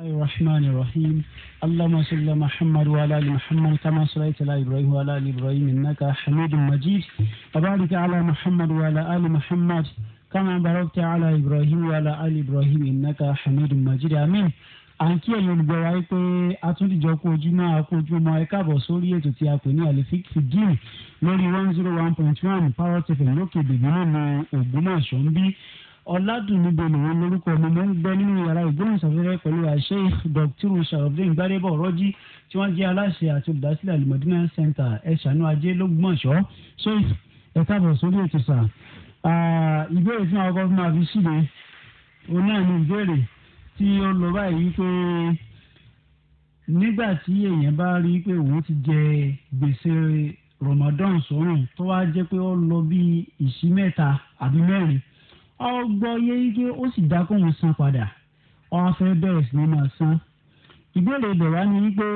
الله الرحمن الرحيم اللهم صل على محمد وعلى ال محمد كما صليت على ابراهيم وعلى ال ابراهيم انك حميد مجيد وبارك على محمد وعلى ال محمد كما باركت على ابراهيم وعلى ال ابراهيم انك حميد مجيد امين à ń kí ẹ̀yin olùgbọ́ wa pé atúndìjọ́ kú ojúmọ́ akú ojúmọ́ ẹ káàbọ̀ sórí ètò tí a pè ní alifik fidjin lórí one zero one point one power tfm lókè bèbí náà ní ògbómọ̀ṣọ́ ń bí ọ̀làdùnmí bẹ̀lùwẹ̀ lórúkọ mi ló ń gbẹ́ nínú yàrá ìgbóhùnsáfẹ́fẹ́ pẹ̀lú àṣẹ dr sharafdin gbadebo ọ̀rọ́jì tí wọ́n jẹ́ aláṣẹ àti olùdásílẹ̀ alimọ̀dúnmá center ẹ̀ṣánú ajé lọ́gbọ̀nsọ́ so ẹ káàbọ̀ sórí ètò sà ìbéèrè fún àwọn gọ́fúnmá fi síde òun náà ni ìbéèrè tí ó lọ báyìí pé nígbà tí èèyàn bá rí pé òun ti jẹ gbèsè Ramadan sọ́run tó wá jẹ́ pé ó lọ bí ìsí mẹ́ta àbí mẹ́rin ọgbọ́ yéyíké ó sì dá kóun san padà wọn fẹ́ sí ní máa san ìbéèrè ibẹ̀ wá ni wípé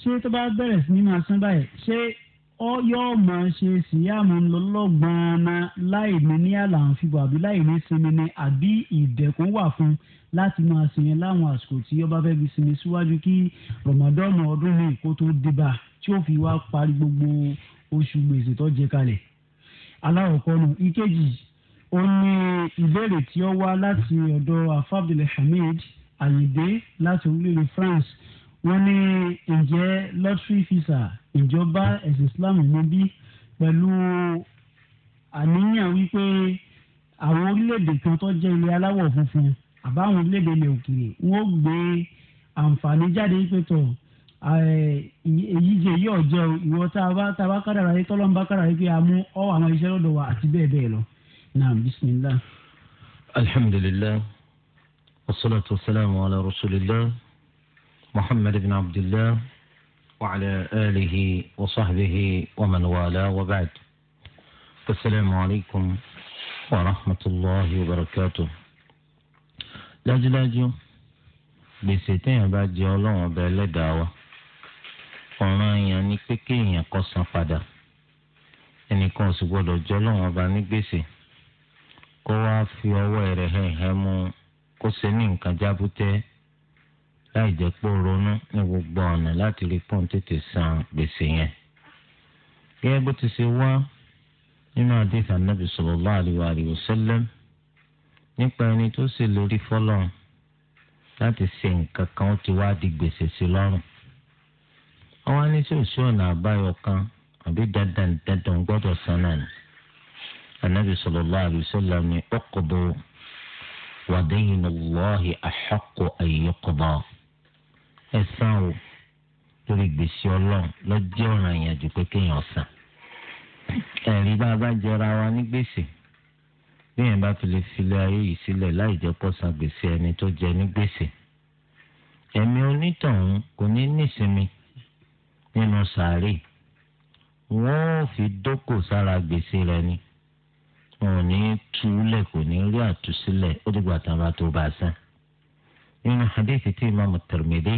ṣé tó bá bẹ̀rẹ̀ sí ní máa san báyìí ṣé ọ yóò máa ṣe síyàmù lọ́lọ́gbọ̀nà láì ní ní àlàǹfibọ̀ àbí láì ní sinmi ni àbí ìdẹ̀kùn wà fún láti máa sinmi láwọn àsìkò tí ọba fẹ́ fi sinmi síwájú kí rọmọdọ́nù ọdún mi kó tó débà tí ó fi wá parí gbogbo oṣù gbèsè tó jẹ kalẹ̀ aláwọ̀ kọ́nù ìkejì ó ní ìbéèrè tí ó wá láti ọ̀dọ̀ afábìl hamid ayinde láti orílẹ̀-èdè france wọ́n ní ǹjẹ́ lọ́tírì fisa ìjọba ẹ̀sìn islam níbí pẹ̀lú àníyàn wípé àwọn orílẹ̀-èdè kan tó jẹ́ ilẹ̀ aláwọ̀ funfun àbáwọn orílẹ̀-èdè ilẹ̀ òkèèrè wọ́n gbé àǹfààní jáde pé tọ̀ èyí jẹ́ ìwọ tá a bá kádàrá yìí tọ́lọ́mbá kádàrá yìí pé a mú ọ́ àwọn iṣẹ́ lọ́dọ̀ wa àti bẹ́ẹ̀ bẹ́ẹ̀ lọ naam bisimilah. alhamdulilah wasalaatu wasalaamu ala rasulillah muhammad ibn abdillah wa ala alihi wa sahbihi wa man wala wa baad. asalaamu alaykum wa rahmatulahi wa barakatuh. dájúdájú gbèsè téèyàn bá jẹ ọlọ́run ọba ẹlẹ́dàá wa ọ̀ràn èèyàn ni pé kéèyàn kó san padà ẹnìkan ò sì gbọ́dọ̀ jẹ ọlọ́run ọba ní gbèsè kó wá fi ọwọ́ rẹ̀ hẹ̀hẹ̀ mú kó ṣe ní nǹkan jábútẹ́ láì jẹ́ pé ó ronú ní gbogbo ọ̀nà láti rí pọ́ùn yẹn. gẹ́gẹ́ ti ṣe wá nínú hadith Ànábì sallallahu alaihi wa sallam nípa ẹni tó sì lórí fọ́lọ́run láti ṣe nǹkan kan ó ti wá di gbèsè sí lọ́rùn. wọ́n wá ní sí òṣì àbáyọ kan àbí dandan dandan gbọ́dọ̀ san náà النبي صلى الله عليه وسلم ni ودين الله daynu Allahi يقضى an yuqda ẹ san o lórí gbèsè Ọlọ́run lọ́jọ́ ọ̀ràn ìyànjú pé kéèyàn san ẹ̀rí bá a bá jẹra wa ní gbèsè bí yẹn bá fi lè filẹ̀ ayé yìí sílẹ̀ láì jẹ́ kó gbèsè ẹni tó jẹ ní gbèsè ẹ̀mí onítọ̀hún kò ní nísinmi nínú sàárè wọ́n fi dókò sára gbèsè rẹ̀ ni wọn ò ní túlẹ̀ kò ní rí àtúnṣílẹ̀ ó dìgbà tán bá tó bá a sàn. nínú hadith tí imaamu Tirmidhi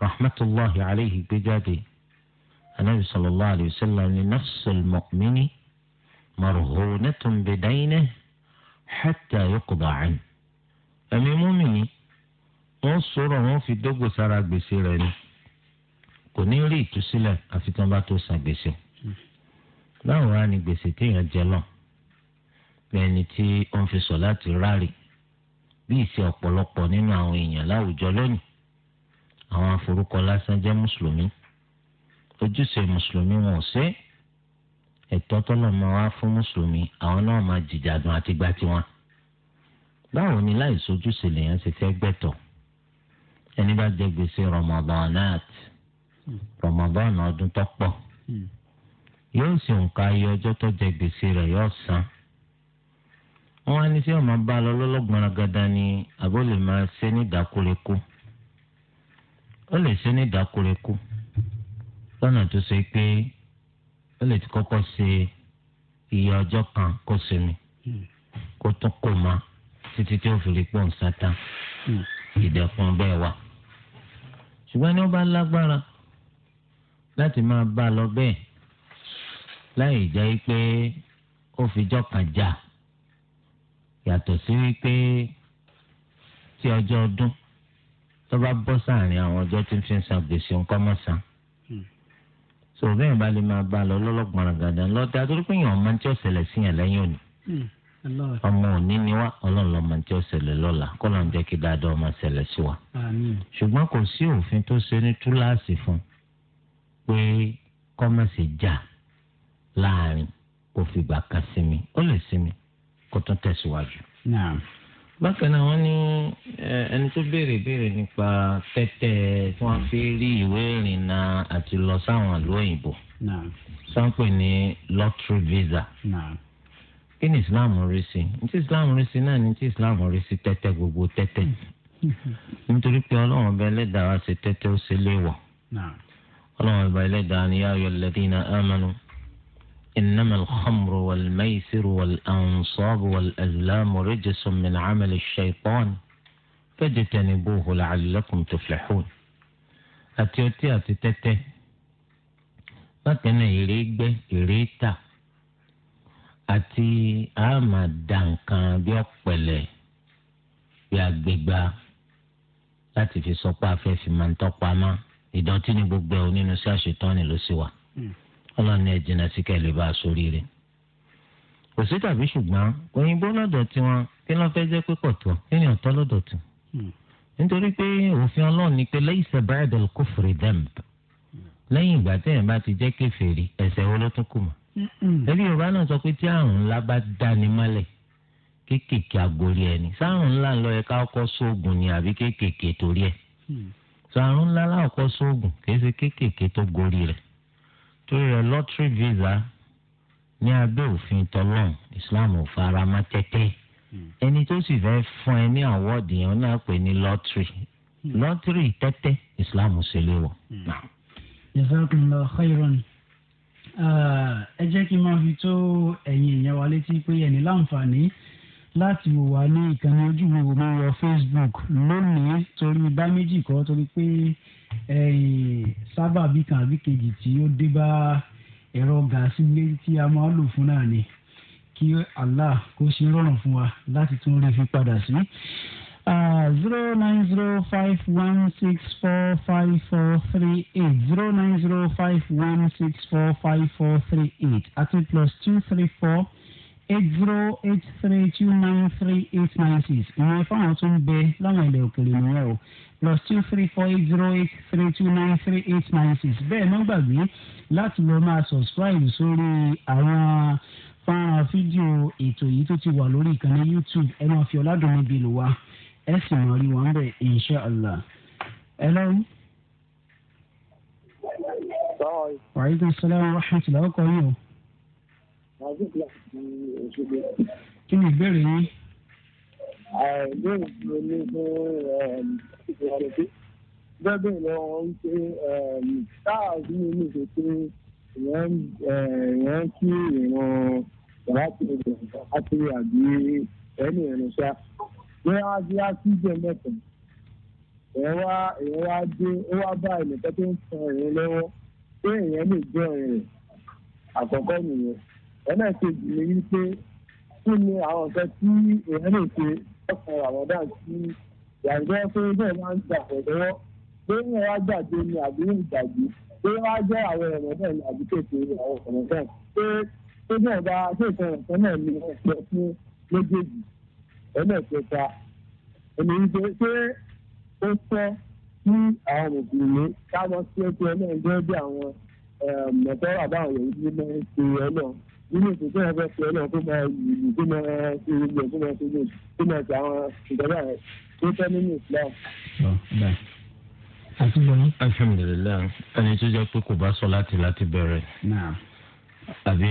rahmatulahi alayhi gbé jáde anabi sallallahu alayhi wa sallam ni nafsul mu'mini marhunatun bidaynihi hatta yuqda anhu. ẹ̀mí mùmínì wọ́n sọ̀rọ̀ wọ́n fi dógò sára gbèsè rẹ̀ ni kò ní rí ìtúsílẹ̀ àfi tí bá tó san gbèsè. báwo wá ni gbèsè téèyàn jẹ lọ́n bí ẹni tí ó ń fi sọ láti ráre bí ìṣe ọ̀pọ̀lọpọ̀ nínú àwọn èèyàn láwùjọ lónìí àwọn aforúkọ lásán jẹ́ mùsùlùmí ojúṣe mùsùlùmí wọn ò ṣe ẹ̀tọ́ tọ́lọ̀ máa wá fún mùsùlùmí àwọn náà máa jìjàdùn àti gbá tiwọn báwo ni láì sojúṣe lèèyàn ṣe fẹ́ gbẹ̀tọ̀ ẹni bá jẹ gbèsè Ramadanat Ramadan ọdún tó pọ̀ yóò sì ń ka iye ọjọ́ tó jẹ gbèsè rẹ̀ yóò san wọn á ní sí ọmọ bá lọ lọlọgbọn gada ni àbó lè máa ṣe ní ìdákúrekú ó lè ṣe ní ìdákúrekú lọ́nà tó ṣe pé ó lè ti kọ́kọ́ ṣe iye ọjọ́ kan kó sinmi kó tún kò má títí tí ó fi rí pọ̀ ń ìdẹ̀kùn bẹ́ẹ̀ wà. ṣùgbọ́n ní ó bá lágbára láti máa bá lọ bẹ́ẹ̀ láì jẹ́ pé ó fi jọ́ kan jà. Ja yàtọ̀ sí wípé tí ọjọ́ ọdún tó bá bọ́ sáàrin àwọn ọjọ́ tí ń fi san gbèsè ńkọ́ mọ́ san hmm. so bẹ́ẹ̀ bá lè máa bá a lọ lọ́lọ́gbọ̀nràn gàdá lọ́dẹ adúlọ́ pé èèyàn máa tí ó ṣẹlẹ̀ sí yàn lẹ́yìn òní hmm. ọmọ òní ni wá ọlọ́run lọ́ọ́ máa ń tí ó ṣẹlẹ̀ lọ́la kó lọ́n jẹ́ kí dáadáa máa ṣẹlẹ̀ sí wa ṣùgbọ́n kò sí òfin tó ṣe ní túláàsì fún pé kọ́mọ̀sì jà láàrin kò fìgbà kan sinmi ó lè sinmi kó tún tẹ̀síwájú. bákan náà wọ́n ní ẹni tó béèrè béèrè nípa tẹ́tẹ́ tí wọ́n fi rí ìwé ìrìnnà àti lọ sáwọn àlọ́ òyìnbó sanpe ní lottery visa kí ni islam rí sí ní tí islam rí sí náà ní tí islam rí sí tẹ́tẹ́ gbogbo tẹ́tẹ́ nítorí pé ọlọ́run ọba ẹlẹ́dàá wa ṣe tẹ́tẹ́ ó ṣe léwọ̀ ọlọ́run ọba ẹlẹ́dàá ni yáa yọ lẹ́dínà ámánu. إنما الخمر والميسر والأنصاب والأزلام رجس من عمل الشيطان فاجتنبوه لعلكم تفلحون àti ọtí àti tẹ́tẹ́ bákan náà èrè gbẹ́ èrè tà àti àmà dànkan bí ọ̀pẹ̀lẹ̀ bí agbègbà láti fi sọ pé afẹ́ fi máa ń tọ́pa mọ́ ìdọ̀tí ni gbogbo ẹ̀ onínú sí àṣetán ni ló sì wà. Mm ọlọ́run ní ẹ̀jìnà sí kẹ́lẹ́ bá a sórí rẹ̀. kò sí tàbí ṣùgbọ́n òyìnbó lọ́dọ̀ tiwọn kí wọ́n fẹ́ jẹ́ pé pọ̀ tó kí ni ọ̀tọ́ lọ́dọ̀ tó. Hmm. nítorí pé òfin ọlọ́run ni pé lẹ́yìn sẹ́bàáyàdọ̀ kò fèrè dẹ́mp lẹ́yìn ìgbà tẹ̀yìn bá ti jẹ́ kèfèrí ẹ̀ṣẹ̀ wo ló tún kù mọ́. Hmm. ẹbí yorùbá náà sọ pé tí àrùn ńlá bá dáni mọ́lẹ̀ kéékèèké agbórí ẹni sáàrùn ńlá ńlọ ẹ̀ka ọkọ̀ sóògùn ni àbí kéékèèké torí ẹ̀ hmm. sọ àrùn ńlá láwọ̀kọ̀ sóògùn kì ṣe kéékèèké tó gorí rẹ̀ torí rẹ̀ lọ́tírì visa ní abẹ́ òfin tọ́lọ́n islam ò fara má tẹ́tẹ́ hmm. ẹni tó sì fẹ́ fún ẹ ní àwọ́ọ̀dì yẹn náà pè ní lọ́tírì hmm. lọ́tírì tẹ́tẹ́ islam ò ṣe léwọ̀. Hmm. jazakumullahu khairan ah, ẹ jẹ́ kí n máa fi tó ẹ̀yin èèyàn wa létí pé ẹni láǹfààní láti wò wá ní ìkànnì ojú wo mi wọ Facebook lónìí torí bá méjì kọ́ torí pé sábàbí kan àbí kejì tí ó dé bá ẹ̀rọ gàásì gbé tí a máa ń lò fún náà ni kí Allah kó ṣe rọrùn fún wa láti tún rí fi padà sí. zero nine zero five one six four five four three eight zero nine zero five one six four five four three eight àti plus two three four eight zero eight three two nine three eight nine six ìwọ̀n fáwọn tó ń bẹ láwọn ilẹ̀ òkèlè nìyẹn o plus two three four eight zero eight three two nine three eight nine six bẹ́ẹ̀ má gbàgbé láti lọ máa subscribe sórí àwọn fáwọn fídíò ètò yìí tó ti wà lórí ìkànnì YouTube ẹ máa fi ọ̀làdùnmí bí lò wá ẹ sì máa rí wọn bẹ̀ inshàlá. hello. wàhálà ìgbésẹ̀ lọ́wọ́ wàhálà ìgbésẹ̀ lọ́wọ́ kọ́ yín o kí ni ìbéèrè yín. ìbéèrè mi ni pé ìrọ̀lẹ́ pé bẹ́ẹ̀ lọ ń pé táà ní inú ìṣe pé ìyẹn kí ìran ìrántí ìgbà àti àbí ẹni ìrìnsà pé wọ́n á bí á sí jẹ́ mẹ́tàn èèyàn wá èèyàn wá dé ó wá bá ẹnìkan tó ń tan èèyàn lọ́wọ́ pé èèyàn lè jẹ́ ẹ̀rẹ̀ àkọ́kọ́ nìyẹn ẹlẹ́ẹ̀kejì ni wípé kí ni àwọn nǹkan tí èèyàn lè ṣe ọkọ̀ ramadan tí yàgbẹ́ pé bẹ́ẹ̀ máa ń gbà pẹ̀lọ́wọ́ lórí ẹ̀rọ àgbàdo ni àbí ìgbàgbé lórí wá jẹ́ àwọn ramadan ni àbí kékeré àwọn ramadan pé pé bẹ́ẹ̀ bá kéèkàn ọ̀sán náà ni wọ́n sọ fún méjèèjì ẹlẹ́ẹ̀kẹta ẹni wípé pé ó sọ kí àwọn mùsùlùmí káwọn sí ẹgbẹ́ ọlọ́run bí àwọn mọ̀tọ́rọ̀ àbáwọn yòówù ní mẹ́rin ṣe ọlọ́run inú ìpò tó yẹ fẹ́ fi ọlọ́run tó máa lùlù tó máa ṣe gbogbo tó máa ṣe gbogbo tó máa ṣe àwọn ìjọba rẹ tó fẹ́ nínú Islam. alhamdulilayi ẹni tó jẹ́ pé kò bá sọ láti láti bẹ̀rẹ̀ àbí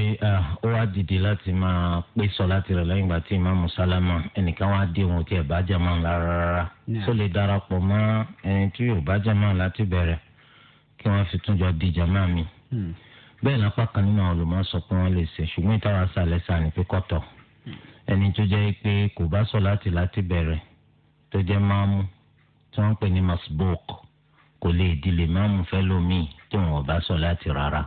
ó wá dìde láti máa pé sọ láti rẹ̀ lẹ́yìn ìgbà tí ìmáàmù sálámà ẹnìkan wá dé òun tí ẹ̀ bá jàmá rárá tó lè darapọ̀ mọ́ ẹni tí yóò bá jàmá láti bẹ̀rẹ̀ kí wọ́n fi túnjọ di jàmá mi. Hmm bẹ́ẹ̀ lápá kan nínú àwọn olùmọ̀ sọ pé wọ́n lè ṣe ṣùgbọ́n ìtawà sàlẹ̀ sà ní pẹ́kọ́tọ̀ ẹni tó jẹ́ pé kò bá sọ láti láti bẹ̀rẹ̀ tó jẹ́ máàmù tí wọ́n ń pè ní masbok kò lè dìlè máàmù fẹ́ lómi tí wọ́n bá sọ láti rárá.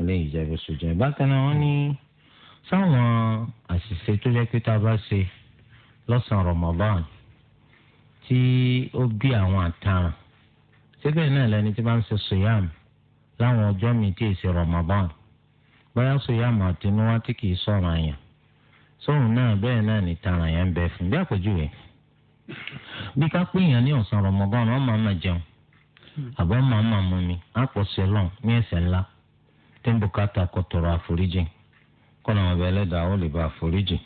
ilé ìjẹ́bù sojú ẹ̀ bákan náà wọ́n ní sáwọn àṣìṣe tó jẹ́ pé tá a bá ṣe lọ́sàn-án Ramadan tí ó bí àwọn àtàràn síbẹ̀ náà lẹni tí bá ń ṣe sòyàmù láwọn ọjọ́ mi tí èsì Ramadan bóyá sòyàmù àtinúwá tí kìí sọ̀rọ̀ àyàn sóhun náà bẹ́ẹ̀ náà ní tara ya bẹ́ẹ̀ fún bí àpèjúwe bí ká pé èèyàn ní ọ̀sán Ramadan wọn máa máa jẹun àbọ̀ máa máa mú mi àpọ̀sẹ̀ ní ẹ̀sẹ̀ ńlá tí ń àforíjì kọ́nà ọ̀bẹ ẹlẹ́dàá ó lè àforíjì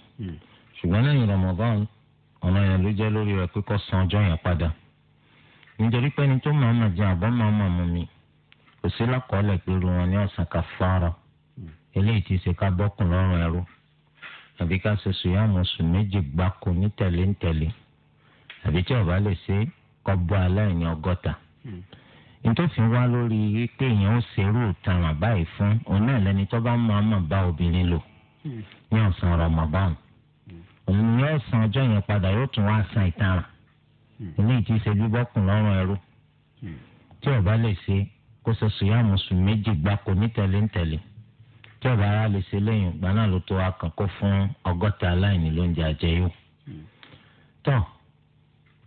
kò sí lákọọ́lẹ̀ pé irú wọn ní ọ̀sán kàfàrà eléyìí ti ṣe ká bọ́kùn lọ́rùn ẹrú àbí ká ṣe sùyàmù oṣù méjì gbáko ní tẹ̀lé ń tẹ̀lé àbí tí ọba lè ṣe kọ́ bọ́ aláìní ọgọ́ta. nítòsín hmm. wá lórí pé èèyàn ó ṣerú ìtàràn báyìí fún òun náà lẹni tó bá máa máa bá obìnrin lò hmm. ní ọ̀sán Ramadan hmm. òun ní ọ̀sán ọjọ́ yẹn padà yóò tún wá san ìtàràn eléyìí ti ṣe bí bọ́kùn lọ́rùn ẹrú tí ọba lè ṣe kó ṣe sùyàmù sùn méjì gbáko ní tẹ̀léńtẹ̀lé tí ọba ara lè ṣe lẹ́yìn ìgbà náà ló tó wá kàn kó fún ọgọ́ta aláìní lóúnjẹ àjẹyó. tọ́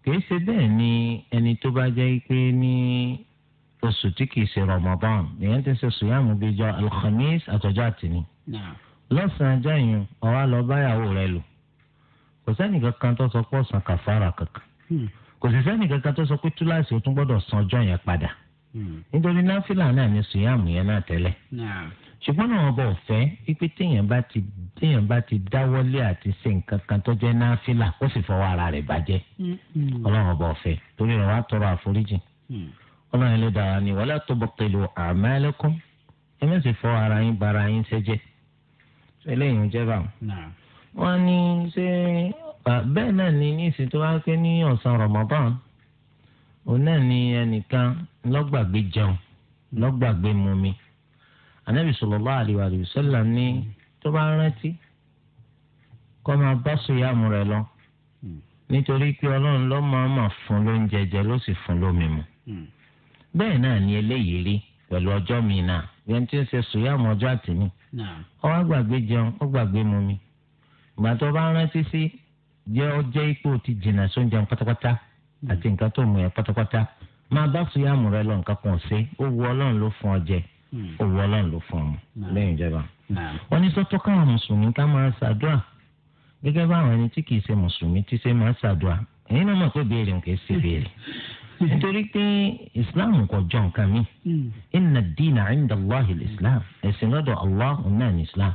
kìí ṣe bẹ́ẹ̀ ni ẹni tó bá jẹ́ pé ní oṣù tí kìí ṣe Ramadan nìyẹn ti ṣe sùyàmù bíi jọ alhamis àtọ́jọ́ àtìní. lọ́sàn-án ajá yẹn ọ̀wá lọ báyàwó rẹ lò kò sẹ́nìkan kan tó sọ pé ọ̀sán kàfàrà kankan hmm. kò sì sẹ́nìkan tó sọ pé túláàsì ó tún gbọ́dọ̀ san ọjọ́ yẹn padà. Hmm. Hmm. nítorí náfìlà náà ni sùyàmù yẹn náà tẹ́lẹ̀ ṣùgbọ́n náà wọn bọ̀ fẹ́ pípé téèyàn bá ti téèyàn bá ti dáwọ́lé àti ṣe nǹkan kan tó jẹ́ náfìlà ó sì fọwọ́ ara rẹ̀ bàjẹ́ hmm, hmm. ọlọ́run bọ̀ fẹ́ torí rẹ̀ wá tọrọ ọlọ́run ló dára ni ẹ fọ ara yín bara yín ṣẹ́jẹ́ jẹ́ ṣé bẹ́ẹ̀ náà ní ìsìn tó wá ní ọ̀sán òun náà ni ẹnìkan lọ́gbàgbé jẹun lọ́gbàgbé mumi anabi sallallahu alaihi wa sallam ní tó bá rántí kó máa bá sòyàmù rẹ̀ lọ nítorí pé ọlọ́run ló máa mà fún lóúnjẹ jẹ ló sì fún lómi mu bẹ́ẹ̀ náà ni eléyìí rí pẹ̀lú ọjọ́ mi náà yẹn tí ń ṣe sòyàmù ọjọ́ àtìní ọwọ́ gbàgbé jẹun ó gbàgbé mumi ìgbà tó bá rántí sí jẹ́ ọjọ́ ipò ti jìnnà sóúnjẹ pátápátá. Mm. àti nǹkan tó mú ẹ pátápátá máa bá sùyàmù rẹ lọ nǹkan kan ṣe ó wu ọlọ́run ló fún ọ jẹ mm. ó wu ọlọ́run ló fún ọ mu mm. lẹ́yìn ìjọba. wọ́n ní sọ́tọ́ káwọn mùsùlùmí ká máa ṣàdúrà gẹ́gẹ́ báwọn ẹni tí kìí ṣe mùsùlùmí ti ṣe máa ṣàdúrà èyí náà mọ̀ pé béèrè nǹkan ṣe béèrè nítorí pé islam kò jọ nǹkan mi inna dina inda allahi islam ẹ̀sìn lọ́dọ̀ allah náà ní islam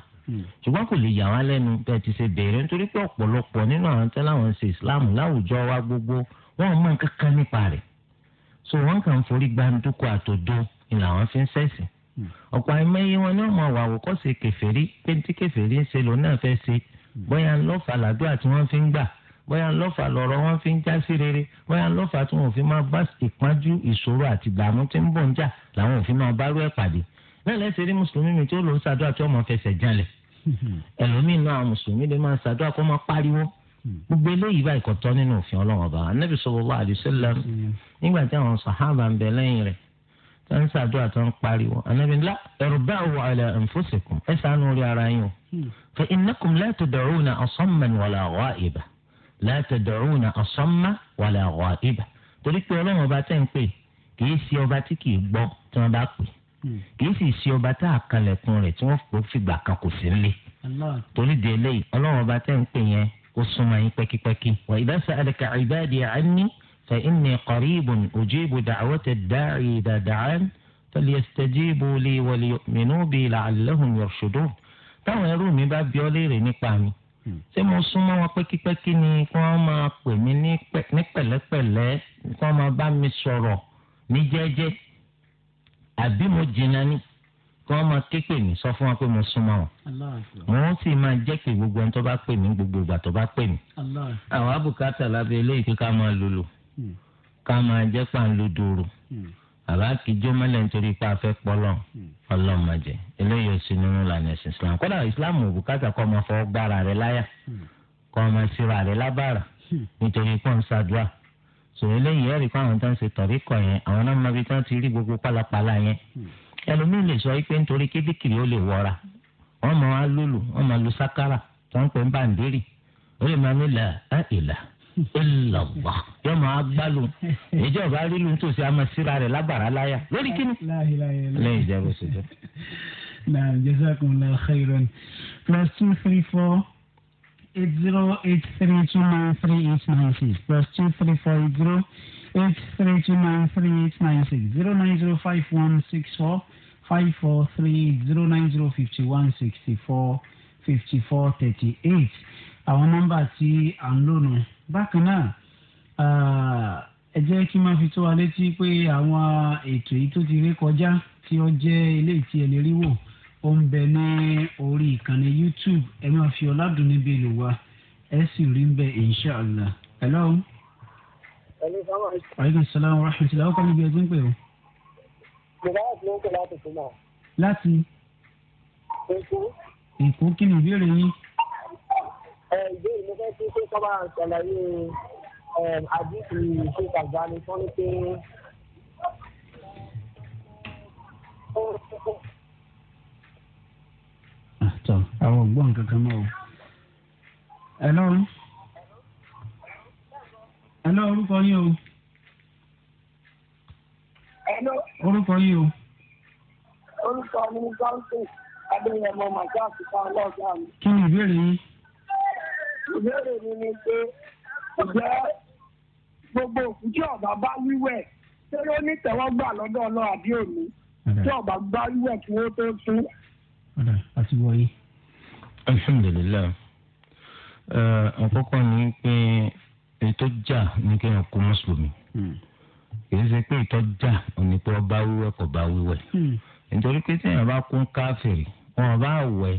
ṣùgbọ́n kò lè yà wá lẹ́nu bẹ́ẹ̀ ti ṣe béèrè nítorí pé ọ̀pọ̀lọpọ̀ nínú àwọn tẹ́láwọn ṣe islam láwùjọ wa gbogbo wọn ò mọ nǹkan kan nípa rẹ̀ so wọn kàn ń forí gbàǹdùkú àtòdó ni làwọn fi ń ṣẹ̀sìn hmm. ọ̀pọ̀ àìmọye wọn náà mọ̀ wàwò kọ́sì kẹfẹ́rí pé tí kẹfẹ́rí ń ṣe lòun náà fẹ́ ṣe hmm. bóyá ńlọ́fà làdúrà tí wọ́n fi ń gbà bóyá ńlọ́fà lọ̀rọ̀ wọn fi ń já sí rere bóyá ńlọ́fà tí wọn ò fi máa bá ìpájú ìṣòro àti ìdààmú tí ń bọ̀ ń jà làwọn ò fi máa bá rú ẹ̀ pàdé náà lẹ́sẹ̀ rí mùsùlùmí mi tí ó lòún ṣàdúrà tí ọmọ fẹsẹ̀ janlẹ̀ ẹlòmíín náà mùsùlùmí lè máa ṣàdúrà kó máa pariwo gbogbo eléyìí báyìí kò tọ́ nínú òfin ọlọ́run ọba anabi sallallahu alaihi wasallam nígbà tí àwọn sàhábà ń bẹ lẹ́yìn rẹ̀ tó ń ṣàdúrà tó ń pariwo anabi ńlá irba'u ala anfusikum ẹ ṣàánú orí ara yín o fa innakum la tad'una asamman wala gha'iba la tad'una asamman wala gha'iba torí pé ọlọ́run ọba tẹ́ ń torí de ọlọ́run ọba tẹ́ kó súnmọ́ yín pẹ́kípẹ́kí. wa idha sa'alaka ibadi anni fa inni qaribun ujibu da'wata ad-da'i idha da'an falyastajibu li wa liyu'minu bi la'allahum yarshudun. táwọn ẹrú mi bá bi ọ́ léèrè nípa mi hmm. ṣé mo súnmọ́ wọn pẹ́kípẹ́kí ni kí wọ́n máa pè mí ní pẹ̀lẹ́pẹ̀lẹ́ kí wọ́n máa bá mi sọ̀rọ̀ ní jẹ́jẹ́ àbí mo jìnnà ni. Hmm kí wọ́n máa ké pè mí sọ fún wọn pé mo súnmọ́ wọn wọ́n sì máa jẹ́ pé gbogbo ẹni tó bá pè mí gbogbo ìgbà tó bá pè mí. àwọn abùkátà lábẹ́ eléyìí pé ká máa lòlò hmm. ká máa jẹ́ pà ń lo dòrò hmm. àbá kìjọ́ mọ́lẹ̀ nítorí pé a fẹ́ pọ́lọ́ hmm. ọlọ́mọdé eléyìí ò sí nínú ìlànà ẹ̀sìn Islam kódà Islam ò bùkátà kọ́ máa fọ́ gbára rẹ láyà kọ́ máa síra rẹ lábàrà nítorí pọ́n ṣàdúrà sọ eléyìí ẹ̀rí kọ́ àwọn tó ń ṣe tọ̀ríkọ̀ yẹn àwọn náà mọ ẹlòmíì lè sọ pé nítorí kébìkìrì ó lè wọra wọn máa wá lólu wọn máa lu sákàrà wọn pè ń bàǹdírì ó lè máa ní là á ìlà ìlàwà yóò máa gbálù ìjọba rílu nítòsí àmọ́ síra rẹ̀ lágbára láyà lórí kíni lẹ́yìn ìjẹbù síjọ. náà jazakumullahu khairan plus two three four eight zero eight three two nine three eight nine six plus two three four eight zero eight three two nine three eight nine six zero nine zero five one six four five four three zero nine zero fifty one sixty four fifty four thirty eight àwọn nọ́mbà tí à ń lò nù bákan náà uh, ẹ jẹ́ kí n máa fi tó wa létí pé àwọn ètò yìí tó ti ré kọjá tí ó jẹ́ eléyìí tí ẹ lè rí wò ó ń bẹ ní orí ìkànnì YouTube ẹ máa fi ọ̀làdùn níbi èlò wa ẹ sì rí ń bẹ insha hello. Ẹ̀lú sáwọn àìsàn. Aleykum salaam wa rahmatulah. Ọkọ mi bí ẹjẹ ń pè o. Mùbáyà ti ń pè láti fún wa. Láti. Èkó. Èkó kí ni ìbéèrè yín? Ẹ ìbéèrè mo fẹ́ kí Ṣé Sọ́ba ṣàlàyé àdìsí ṣe tàgbà ni sọ pé tọ àwọn ògbọ́n kankan ẹ lọ́rùn ẹ lọ orúkọ yín o. orúkọ yín o. orúkọ mi ni gáúsì adéyẹmọ màjá àtúntà ọlọ́ọ̀gá mi. kí ni ìbéèrè yín. ìbéèrè mi ni pé ǹjẹ́ gbogbo òkú tí ọba bá wíwẹ̀ ṣé ló ní tẹ́wọ́gbà lọ́dọ̀ ọlọ́ọ̀ àbí òní tí ọba bá wíwẹ̀ kí wọ́n tó tún. ọ̀dà àti wọ̀nyí. alhamdulilayi àkọ́kọ́ ni pé ètò jà ní kí wọn kó mùsùlùmí hmm. kì í ṣe pé ìtọ́ jà òní pé ọba wíwẹ̀ kò bá wíwẹ̀ hmm. nítorí pé tí èèyàn bá kún káfìrì wọn bá wẹ̀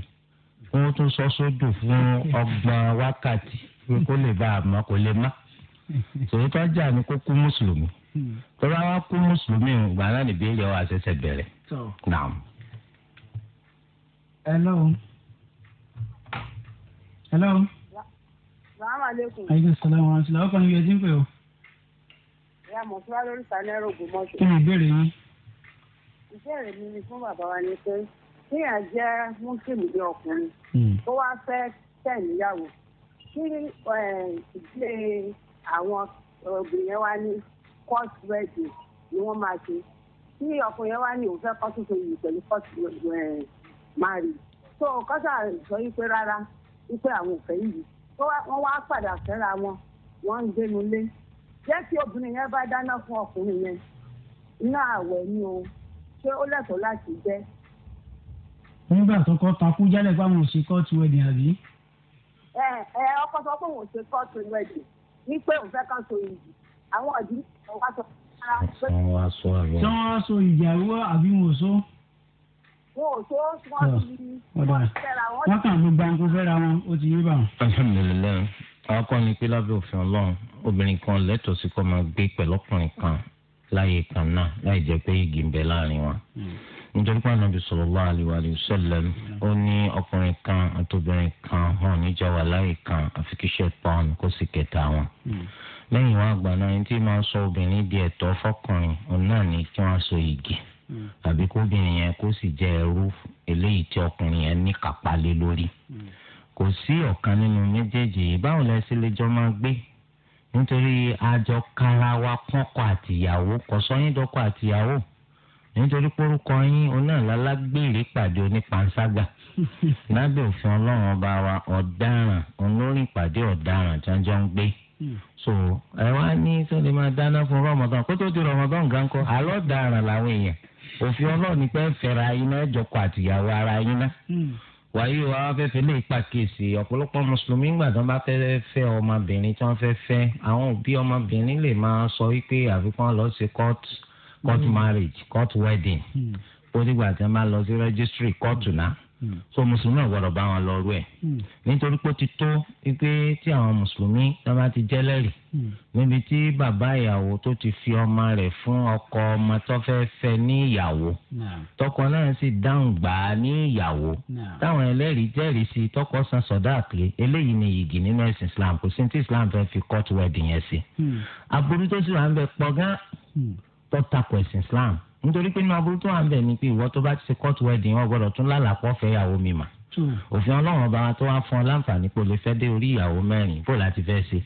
wọn tún sọ sódò fún ọgbọ̀n wákàtí pé kó lè bá àmọ́ kó lè má tòun tó jà ní kó kú mùsùlùmí hmm. tó bá wá kú mùsùlùmí ìgbà náà níbi ìyẹn wà ṣẹ̀ṣẹ̀ bẹ̀rẹ̀ hello hello salaamaleykum. aleykum salaam wa rahmatulah ọkọ ni yẹtí ń pè o. ìyá mọ̀túwá lórí sanẹ́rò ògbómọ̀ṣọ́. kí ni ìbéèrè yín. ìbéèrè mi ni fún bàbá wa ni pé kíyàn jẹ́ mùsùlùmí bí ọkùnrin tó hmm. wá fẹ́ tẹ̀ níyàwó kí ìdílé àwọn obìnrin yẹn wá ní court wedding ni wọ́n máa ṣe tí ọkùnrin yẹn wá ní òun fẹ́ kọ́ tuntun yìí pẹ̀lú court marriage so kọ́sà sọ yí pé rárá yí àwọn ò yìí wọ́n wá padà fẹ́ra wọn wọ́n ń gbénu lé jẹ́ kí obìnrin yẹn bá dáná fún ọkùnrin yẹn iná àwẹ̀ ni o ṣé ó lẹ́tọ̀ọ́ láti jẹ́. nígbà tó kọ́ takú jálẹ̀ pé àwọn ṣe wedding àbí. ẹ ẹ ọkọ sọ pé òun ò ṣe wedding ní pé òun fẹ́ kán so ìdì àwọn ọ̀dí wá sọ. wọn ò tó wọn ah, ti fẹ́ra wọn. wọn kàn mú gbàǹkú fẹ́ra wọn ó ti yé bá wọn. alhamdulilayi àkọ́kọ́ ni pé lábẹ́ òfin Ọlọ́run obìnrin kan lẹ́tọ̀ọ́ sí kó máa gbé pẹ̀lú ọkùnrin kan láyé kan náà láì jẹ́ pé igi ń bẹ láàrin wọn hmm. nítorí pé Ànábì sallallahu alaihi wa sallam ó ní ọkùnrin kan àtobìnrin kan hàn níjà wà láyé kan àfi kí ṣẹpọn kó sì kẹta wọn hmm. lẹ́yìn wọn àgbà náà ẹni tí máa sọ obìnrin di ẹ̀tọ́ fọkùnrin òun ni kí wọn sọ igi. àbí kóbìnrin yẹn kó sì jẹ ẹrú eléyìí tí ọkùnrin yẹn ní kápá lé lórí kò sí ọ̀kan nínú méjèèjì yìí báwo lẹ sì lè jọ máa gbé nítorí àjọ kára wa kọ́kọ́ àtìyàwó kọ́sọ́yìn dọ́kọ̀ àtìyàwó nítorí pórúkọ yín onáàlálágbèrè pàdé lábẹ́ òfin ọlọ́run ọba wa ọ̀daràn pàdé ọ̀daràn tí gbé so ẹ wá ní sọ́ni máa dáná fún kó tó di gan kọ́ àlọ́ làwọn èèyàn òfin ọlọ́run ni pé fẹ́ra yín náà jọkọ àtìyàwó ara yín náà hmm. wàyí wa fẹ́ fẹ́ lè pàkíyèsí ọ̀pọ̀lọpọ̀ mùsùlùmí gbà tí wọ́n bá fẹ́ fẹ́ ọmọbìnrin tí wọ́n fẹ́ fẹ́ àwọn òbí ọmọbìnrin lè máa sọ wípé àfikún lọ sí court court hmm. marriage court wedding hmm. ó dìgbà tí wọ́n bá lọ sí registry court náà. Hmm. so mùsùlùmí ọ̀gbọ́dọ̀ bá wọn lọ rú ẹ̀ hmm. nítorí pé ó ti tó pé tí àwọn mùsùlùmí tó bá ti jẹ́lẹ̀rì hmm. níbi tí bàbá ìyàwó tó ti fi ọmọ rẹ̀ fún ọkọ ọmọ tó fẹ́ fẹ́ ní ìyàwó tọkọ náà sì dáhùn gbà á ní ìyàwó táwọn ẹlẹ́rìí jẹ́rìí sí tọkọ san sọ̀dá àkìlẹ̀ eléyìí ni yìgì nínú ẹ̀sìn Islam kò sí tí Islam fẹ́ fi court wedding yẹn sí. aburú tó sì wà ń bẹ pọ̀ gan tó takò ẹ̀sìn Islam nítorí pé nínú aburú tó wà ń bẹ̀ ni pé ìwọ tó bá ti ṣe court wedding wọn gbọ́dọ̀ tún lálàpọ̀ fẹ́ ìyàwó mi mà hmm. òfin ọlọ́run ọba tó wá fún ọ láǹfààní pé o lè fẹ́ dé orí ìyàwó mẹ́rin bó láti fẹ́ ṣe.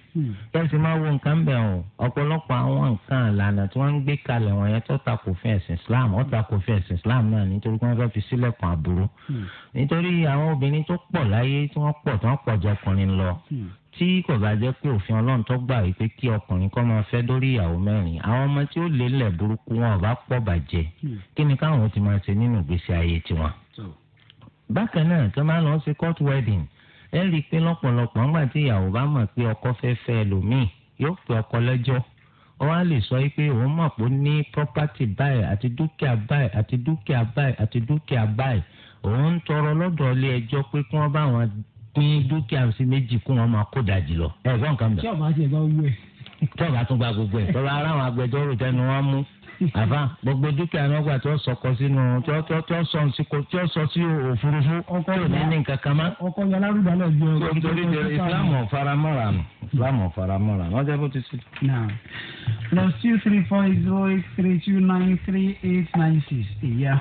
tẹ́sí hmm. máa wo nǹkan bẹ̀ ọ́ ọ̀pọ̀lọpọ̀ àwọn nǹkan ìlànà tí wọ́n ń gbé kalẹ̀ wọ̀nyẹn tó ta kò fún ẹ̀sìn Islam ó ta kò fún ẹ̀sìn Islam náà nítorí wọ́n fẹ́ fi sílẹ̀kùn àbúrò. Hmm. nítorí àwọn obìnrin tó pọ̀ láyé tí wọ́n pọ̀ tí wọ́n pọ̀ jọkùnrin lọ tí kò bá jẹ́ pé òfin ọlọ́run tó gbà wípé kí ọkùnrin kọ́ máa fẹ́ lórí ìyàwó mẹ́rin àwọn ọmọ tí ó lé lẹ̀ burúkú wọn ò pọ̀ bàjẹ́ hmm. kí ni káwọn ti máa ṣe nínú ìgbésí ayé tiwọn. bákan náà tó máa lọ sí court wedding ẹ rí i pé lọ́pọ̀lọpọ̀ ńgbà tí ìyàwó bá mọ̀ pé ọkọ fẹ́ fẹ́ ẹlòmíì yóò pe ọkọ lẹ́jọ́ ó wá lè sọ pé òun mọ̀ pé ó ní property báyìí àti dúkìá báyìí àti dúkìá báyìí àti dúkìá báyìí òun ń pín dúkìá sí méjì kó wọn máa kó dàjì lọ ẹ gbọ́n kan bẹ̀. tíọ̀bù àti ẹ̀gbọ́n wú ẹ̀. tíọ̀bù àti gba gbogbo ẹ̀ tọ́lá ara àwọn agbẹjọ́rò tẹnu wọn mú àfa gbogbo dúkìá ni wọn gbà tí wọn sọkọ sínú tí wọn sọ sí tí wọn sọ sí òfurufú tí ò ní ní nǹkan kan mọ́. ọkọ yẹn alárúgbà náà ju ọkọ tó ń tẹ ìsìlámù ọ̀faramọ́ra nù ìsìlámù ọ̀faramọ́ra nù ọjọ́ bó ti sí. plus two three four zero eight three two nine three eight nine six ìyá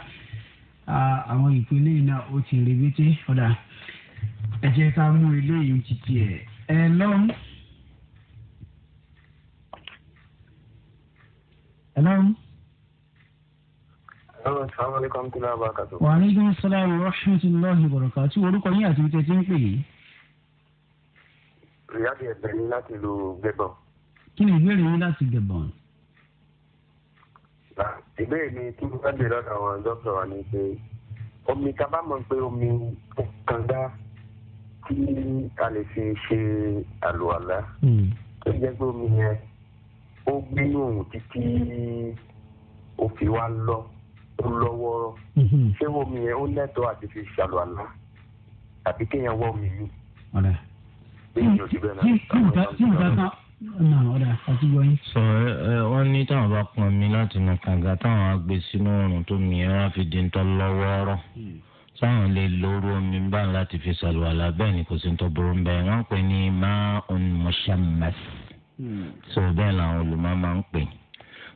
àwọn ìpínlẹ̀ náà ó ti rí bíté ọ̀dà ẹ jẹ́ ká mú ilé yìí ti tiẹ̀ ẹ lọ́hùn. ẹ lọ́hùn. Wa aleykum salaam wa rahmatulahi wa barakatuh. Orúkọ yín àti ìtẹ̀tí ń pè yìí. Riyadi ẹ̀bẹ̀ ni láti lu Gẹ̀bọ̀n. Kí ni ìbéèrè yín láti Gẹ̀bọ̀n? Ìbéèrè mi tí mo fẹ́ bèèrè lọ́dọ̀ àwọn dókítà wa ni pé omi ká bá mọ̀ pé omi kan dá tí a lè fi ṣe àlùwàlá hmm. tó jẹ́ pé omi yẹn ó gbé òun títí ó fi wá lọ ó lọ́wọ́rọ́ hmm. ṣé omi yẹn ó lẹ́tọ̀ọ́ àti fi ṣàlùwàlá àbí kéèyàn wọ́ omi mi. sọ ẹ wọn ní táwọn bá pọn mi láti nù kànga táwọn á gbé sínú oòrùn tó mìíràn fi di ń tọ́ lọ́wọ́rọ́. Hmm sáwọn lè lóru omi bá ń láti fi ṣàlùwàlá bẹ́ẹ̀ ni kò sí tó burú ń bẹ́ẹ̀ wọ́n ń pè ní ma'un mushammas hmm. so bẹ́ẹ̀ làwọn olùmọ̀ máa ń pè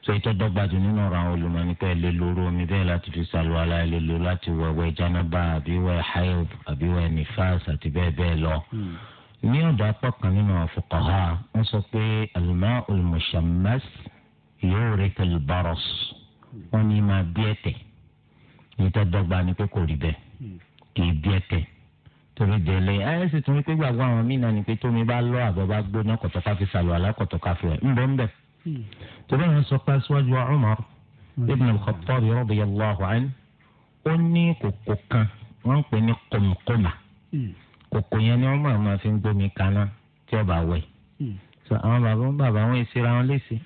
so ìtọ́ dọ́gba jù nínú ọ̀rọ̀ àwọn olùmọ̀ ni pé ẹ lè lóru omi bẹ́ẹ̀ láti fi ṣàlùwàlá ẹ lè lò láti wẹ̀wẹ̀ jánábà àbíwẹ̀ hayd àbíwẹ̀ nifas àti bẹ́ẹ̀ bẹ́ẹ̀ lọ. Hmm. ní ọ̀dọ̀ apá kan nínú fuqaha wọ́n sọ pé al-ma'ul kì í jẹ́ tẹ̀ torí jẹlẹ ẹ sì tún pé gbàgbọ́ àwọn míì náà ni pé tómi bá lọ àbọ̀ bá gbóná kọ̀tọ̀ káfí sàlọ̀ alákọ̀tọ̀ káfí rẹ̀ ńbọ̀ ńbẹ̀. torí àwọn sọ pé aṣáájú Umar ibn al-Khattab radiyallahu anhu ó ní kòkò kan wọ́n ń pè ní kòmùkòmà kòkò yẹn ni Umar máa fi ń gbómi kaná tí ó bá wẹ̀ sọ àwọn bàbá ń bàbá wọn ìsira wọn léṣe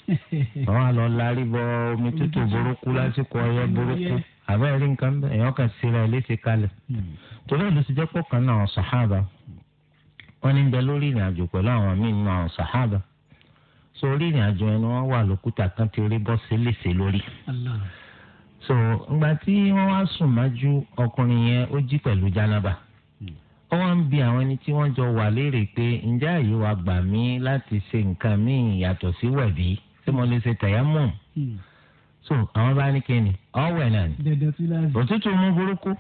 àwọn àlọ́ larí bọ omi tútù burúkú lásìkò ọyẹ́ burúkú àbẹ́ rí nǹkan bẹ́ẹ̀ èèyàn kan síra ẹ̀ léṣe kalẹ̀ hmm. torí ẹ̀ ló ti jẹ́ pọ̀ kan náà àwọn sàhábà wọ́n ní bẹ lórí ìrìn àjò pẹ̀lú àwọn míì nínú àwọn sàhábà so orí ìrìn àjò yẹn ni wọ́n wà lókúta kan ti rí bọ́ sí léṣe lórí so ìgbà tí wọ́n wá sùn májú ọkùnrin yẹn ó jí pẹ̀lú jánábà hmm. ó wá ń bi àwọn ẹni tí wọ́n jọ wà léèrè pé ǹjẹ́ àyè wa gbà mí láti ṣe nǹkan míì yàtọ̀ sí wẹ̀bí tí mo lè ṣe tẹ̀yámọ̀ so àwọn bá ní kíni ọ̀wẹ̀ náà ni òtútù mú burúkú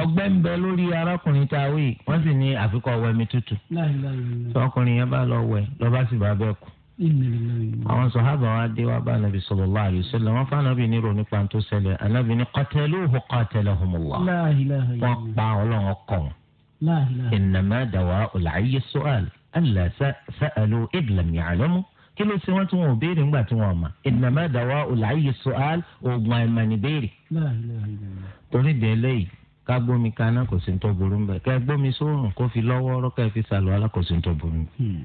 ọgbẹ́ ń bẹ lórí arákùnrin tá a wí wọ́n sì ní àfikọ́ ọwọ́ mi tútù sọ ọkùnrin yẹn bá lọ wẹ̀ lọ́ba sì bá bẹ́ẹ̀ kú àwọn sọ̀hábà wa dé wa bá nàbì sallallahu alaihi wasallam wọn fún anábì ní ronú pa tó ṣẹlẹ̀ anábì ní qataluhu qatalahumullah wọn pa ọlọ́run kọ̀ innama dawa'ul ayyi as-su'al alla sa'alu idh kí ló ṣe wọn tí wọn ò béèrè ńgbà tí wọn ò mà innama dawa'ul ayyi su'al oògùn àìmọ̀ ní béèrè. torí dé lẹ́yìn ká gbómi kaná kò sí ní tó burú mbẹ ká gbómi sóòrùn kó fi lọ́wọ́ ọ̀rọ̀ ká fi sàlọ́ alá kò sí ní tó burú. Hmm.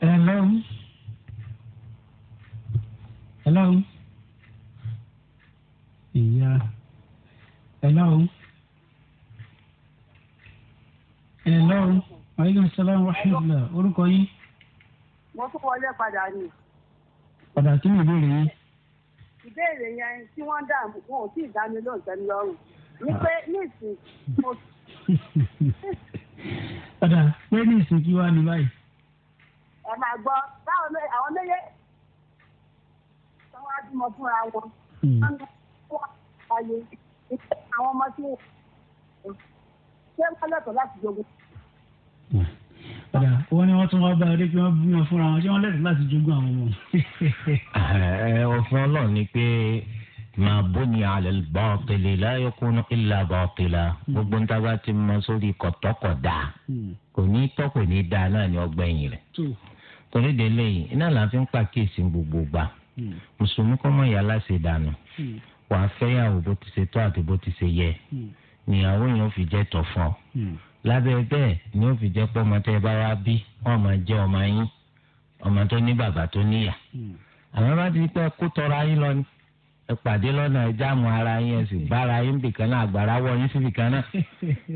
hello hello ìyá hello hello aleykum salaam rahmatulah orúkọ yìí mo tún wọlé padà ni. padà kí ìbéèrè yín. ìbéèrè yẹn tí wọ́n dà wọn ò tí ì dá mi lóhùn tẹ́mi lọ́rùn ni pé ní mo. padà pé ní kí wàá ní báyìí. ẹ máa gbọ́ báwo ni àwọn méje wọ́n á fúnra wọn. Hmm. àwọn ọmọ tí wọ́n ṣé wọ́n lẹ́tọ̀ọ́ láti jogún. Hmm wọ́n ní wọ́n tún wá bá ẹ pé wọ́n bímọ fúnra wọn ṣé wọ́n lẹ́sìn láti jogún àwọn ọmọ. Eh, òfin ọlọ́run ni pé màá bóni àlẹ́ bọ́ọ̀tẹ̀lẹ̀ láyé kúnú ìlà bọ́ọ̀tẹ̀lá gbogbo ń tábà ti mọ sórí kọ̀tọ́kọ̀dá kò ní tọ́kọ̀ ní dáa náà ní ọgbẹ́yìn rẹ̀ torí de lẹ́yìn iná là ń fi ń pàkíyèsí gbogbo gbà hmm. mùsùlùmí kọ́ mọ̀ yàrá ṣe dànù hmm. wàá fẹ́yàwó bó ti ṣe tó àti bó ti ṣe yẹ nìyàwó hmm. yẹn ò fi jẹ́ tọ̀ fún ọ lábẹ́ bẹ́ẹ̀ ni ó fi jẹ́ pé ọmọ tẹ́ ẹ bá wá bí wọ́n máa jẹ́ ọmọ yín ọmọ tó ní bàbá tó níyà hmm. àmọ́ bá ti pẹ́ kó tọrọ ayé lọ ni ẹ pàdé lọ́nà ẹ jáàmù ara yín ẹ sì hmm. bára yín bìkan náà àgbàrá wọ yín síbi kan náà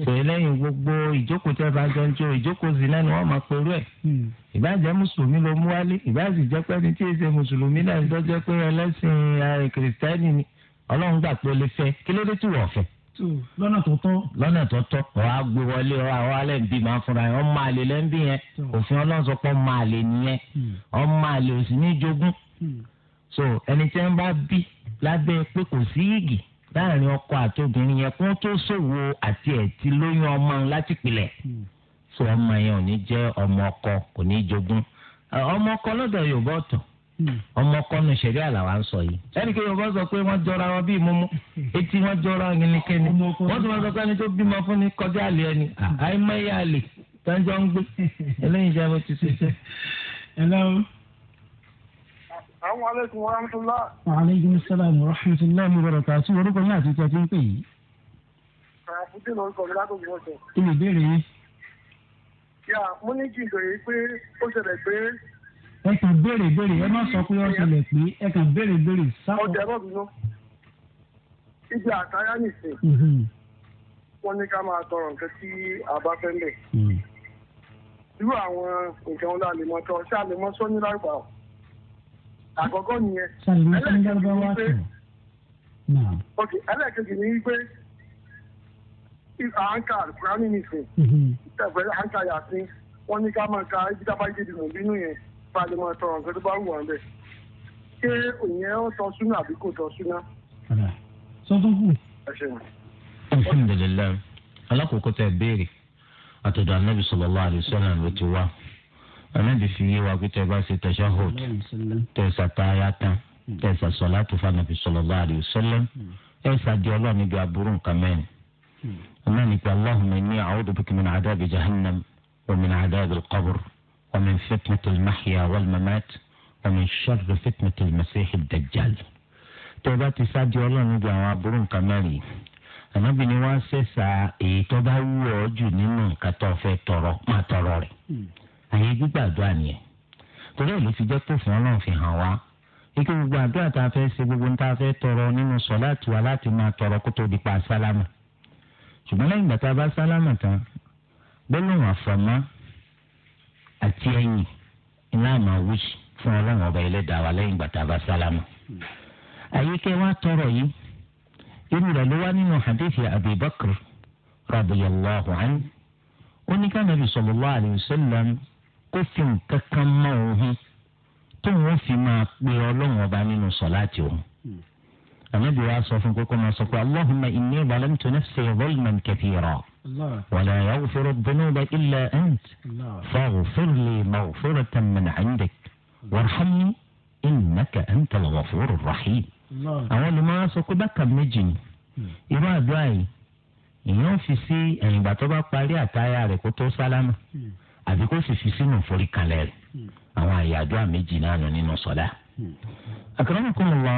tó lẹ́yìn gbogbo ìjókòó tẹ́ bá jọ ń jó ìjókòó sí lẹ́nu wọ́n máa perú ẹ̀ hmm. ìbájẹ́ mùsùlùmí ló mú wálé ìbájẹ́ ìjẹ́pẹ́ ni tí ì ṣe mùsùlùmí náà ń tọ́jú pé ẹlẹ́sìn eh, kìrìsìtẹ́nì ni ọlọ́run gbà pé ó lè fẹ́ kí ló dé tí wọ́n lọ́nà tó tọ́. lọ́nà tó tọ́ ọ̀ á gbé wọlé ọ̀ àwọn alẹ́ ń bí máa fúnra yẹn ọmọ àlè lẹ́ ń yẹn òfin ọlọ́run sọ pé nìyẹn hmm. ọmọ àlè ò sì ní jogún. Hmm. so ẹni tí wọ́n bá bí lábẹ́ pé kò sí igi láàrin ọkọ àti obìnrin yẹn kó tó ṣòwò àti ẹ̀tí lóyún ọmọ láti pilẹ̀. Hmm. so ọmọ yẹn ò ní jẹ́ ọmọ ọkọ kò ní jogún ọmọ ọkọ lọ́dọ̀ Yorùbá ọ̀tọ̀ ọmọ kọ́nu ṣẹ̀rí àlàwà ń sọ yìí. ẹnì kejì wọn sọ pé wọn jọra wọn bíi mímú etí wọn jọra ẹnikẹ́ni wọn sì wọn sọ pé ẹni tó bímọ fún ni kọjá àlè ẹni àìmọye àlè tẹnjọ ń gbé eléyìí jẹ bó ti ṣe. hello. àwọn aleykum wa rahmatulah. wa aleykum salaam wa rahmatulah mi bọ̀rọ̀ kàá sí orúkọ náà ti tẹ́tí ń pè yìí. àfúté ló ń sọ mi látòkè ọ̀sẹ̀. kí ni ìbéèrè yìí. yà mo ní kí n bẹ̀rẹ̀ pé ó ṣẹlẹ̀ pé ẹ kàn béèrè béèrè ẹ má sọ pé ó ṣẹlẹ̀ pé ẹ kàn béèrè béèrè sáwọ. ọ̀dẹ̀ bọ́ bí wọ́n ibi àtayá nìsín mm-hmm. wọ́n ní ká máa tọrọ nǹkan tí a bá fẹ́ lẹ̀ mm. irú àwọn nǹkan wọn lálẹ́ mọ́tò ṣáà lè mọ́ sọ́ni lárúbá o àkọ́kọ́ nìyẹn ẹlẹ́ẹ̀kejì ni pé ok ẹlẹ́ẹ̀kejì ni pé àǹkà kúránì nìsín mm-hmm. tẹ̀fẹ́ àǹkà yàtí wọ́n ní ká máa ka ibi tá a bá yé di mọ̀ bínú yẹn palẹ̀mọ́ tọrọ nǹkan tó bá wù wọ́n bẹ̀ ṣé òyìn ẹ̀ ń tọ́ súná àbí kò tọ́ súná. sọ́tún kù. alhamdulilayi alákòókò tẹ béèrè àtọ̀dọ̀ anábì sallallahu alaihi wasallam ló ti wá anábì fi yé wa pé tẹ bá ṣe tashahhud tẹ ṣàtàyà tán hmm. tẹ ṣàṣọlá tó fa nàbì sallallahu alaihi wasallam hmm. ẹ ọlọ́ọ̀ni bí aburú nǹkan mẹ́rin hmm. ọmọ nípa allahumma inni a'udhu bika min adhabi jahannam wa min adhabi ومن فتنة المحيا والممات ومن شر فتنة المسيح الدجال tọba ti ṣáájú ọlọ́run níbi àwọn aburú nǹkan mẹ́rin ànábìíní wá ṣẹ̀ṣà èyí tó bá wù ọ́ jù nínú nǹkan tó fẹ́ tọrọ máa tọrọ rẹ̀ àyè gbígbàdúrà nìyẹn torí ẹ̀ ló fi jẹ́ pòfin ọlọ́run fi hàn wá ike gbogbo àdúrà tá a fẹ́ ṣe gbogbo tá a fẹ́ tọrọ nínú sọ̀láàtì wa láti máa tọrọ kó tó di pa sálámà ṣùgbọ́n lẹ́yìn ìgbà tá a bá sálámà tán gbólóhùn àfọ̀mọ́ àti ẹ̀yìn iná máa wí fún ọlọ́run ọba ẹlẹ́dàá wa lẹ́yìn gbàtà bá sálámù. àyíkẹ́ wa tọrọ yìí irú rẹ̀ ló wá nínú hadith Abi Bakr radiyallahu anhu ó ní ká nàbì sallallahu alayhi wa sallam kó fi nǹkan kan mọ́ òun tóun fi máa pe ọlọ́run ọba nínú sọ̀láàtì òun. àmọ́ bí wàá sọ fún kókó máa sọ pé Allahumma inni zalamtu nafsi zalman kathira wàlẹ̀ àyàwó fẹ́rẹ̀ bẹ́ẹ̀ náà bá ilẹ̀ ẹ̀ǹt fáwọn fẹ́rẹ̀ lè má o fẹ́rẹ̀ tẹ̀ mẹ́nà ẹ̀ǹdẹ̀ wàhámi ìnàkà ẹ̀ǹtà lọ́wọ́ fẹ́rẹ̀ ràhìm. àwọn lè máa sọ pé bákan méjì ni irú àdúrà yìí ìyẹn fi sí ẹ̀yìn ìgbà tó bá parí àtàyà rẹ̀ kó tó sálámà àbí kó sì fi sínú ìforíkalẹ̀ rẹ̀ àwọn àyè àdúrà méjì náà nù nínú sọ̀dá. àkàrà ọ̀kùnrin wa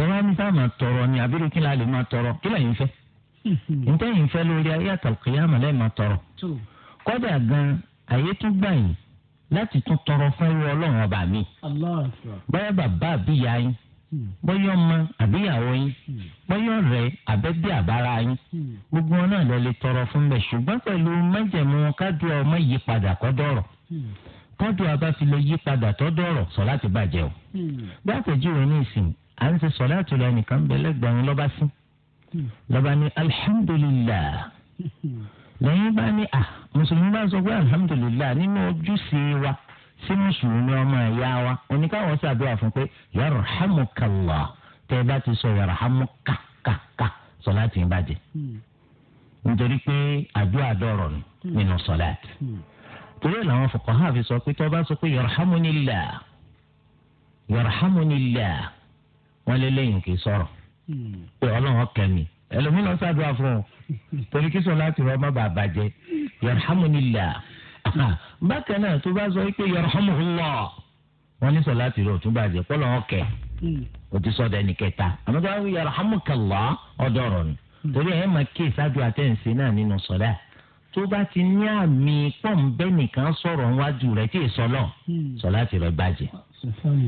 ẹ̀rọ ní sáà máa tọrọ ni àbí kí la lè máa tọrọ kí lẹ́yìn fẹ́ ntẹ́yìn hmm. fẹ́ lórí ayé àtàlùkìyàmù lẹ́ẹ̀ máa tọrọ kọ́dà gan ayé tún gbà yín láti tún tọrọ fún irú ọlọ́run ọba mi bóyá bàbá àbíyá yín hmm. bóyá ọmọ àbíyàwó yín hmm. bóyá ọ̀rẹ́ àbẹ́bí àbára yín gbogbo wọn náà lọ lè tọrọ fún bẹ́ẹ̀ ṣùgbọ́n pẹ̀lú májẹ̀mú wọn kádùá ọmọ yí kọ́dọ̀rọ̀ kádùá bá fi lè yí tọ́dọ̀rọ̀ sọ bàjẹ́ o bí àpèjúwe ní ìsìn à ń ṣe sọ lọ ẹnìkan bẹ lẹ́gbẹ̀rún lọ́ba sí lọ́ba ní alihamudulilayi lẹ́yìn bá ní à ah, mùsùlùmí bá sọ pé alihamudulilayi nínú ojúṣe wa sí mùsùlùmí ọmọ ẹ̀yà wa oníkàwọ́ sàdúrà fún pé yarhamukallah tẹ́ ẹ bá ti sọ yarhamuka kàkà sọlá ti ń bàjẹ́ nítorí pé àdúrà dọ̀rọ̀ nínú sọlá ti torí làwọn fuqaha fi sọ pé tó bá sọ pé yarhamunillah yarhamunillah wọn lé lẹ́yìn kì í sọ̀rọ̀ pé ọlọ́run kẹ́mi ẹlòmíín lọ sàdúrà fún ọ torí kí sọlá ti rọ ọmọ bàbá jẹ yarhamunillah bákan náà tó bá sọ pé yarhamuhullah wọn ní sọlá ti rọ òtún bàjẹ́ pé ọlọ́run kẹ́ o ti sọ ọdẹ ní kẹta àmọ́ tó bá wí ọdọ ọ̀rọ̀ ni torí ẹ̀ máa kí náà nínú tó bá ti ní àmì pọ́ǹbẹ́ nìkan sọ̀rọ̀ níwájú rẹ̀ tí èso lọ hmm. sọlá ti rẹ̀ bàjẹ́.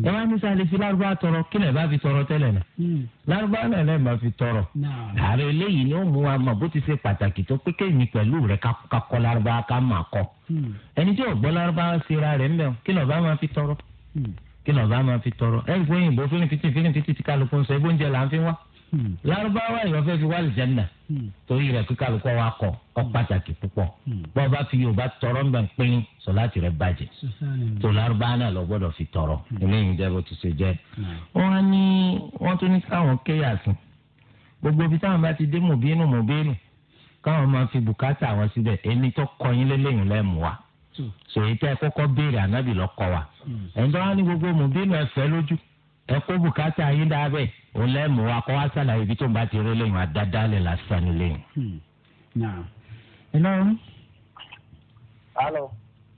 ẹ wá ní sáà lè fi lárúbá tọrọ kí lè bá fi tọrọ tẹ́lẹ̀ náà hmm. lárúbá náà lè má fi tọrọ. ààrẹ eléyìí ni ó mú wa mọ̀ bó ti ṣe pàtàkì tó pé kéèmí pẹ̀lú rẹ̀ kakọ́ lárúbá ká máa kọ́. Hmm. ẹni tí ò gbọ́ lárúbá síra rẹ̀ ń bẹ̀ kí lọ́ọ́ bá máa fi tọrọ kí lọ́ọ́ máa fi tọrọ ẹ̀ Hmm. lárúbáwá ìwọ fẹẹ fi wá àlùjánnà hmm. torí rẹ kíkà lóko wa kọ ọ pàtàkì púpọ̀ hmm. bọ́ọ̀ bá fi yorùbá tọrọ nbẹ pín sọláàtì rẹ bàjẹ́ tó lárúbáwá náà lọ gbọ́dọ̀ fi tọrọ eléyìí jẹ bó ti ṣe jẹ. wọ́n ní wọ́n tún ní káwọn kéèyà sùn gbogbo ibi táwọn bá ti dé mòbínú mòbínú káwọn máa fi bùkátà wọn síbẹ̀ ẹni tó kọyín lélẹ́yìn lẹ́mú wa sòyí tẹ́ ẹ kọ́kọ́ béèrè ànábì lọ́kọ wa ẹ̀ńdọ́ wọn ní gbogbo mòbínú ẹ̀fẹ́ lójú ẹ̀kọ́ bùkátà yín dáa òun lẹ́mú wa kọ́ wá sàlàyé ibi tó ń bá ti rí lẹ́yìn àdáadáa lẹ̀ lásán ni lẹ́yìn. Hmm. hello. hello.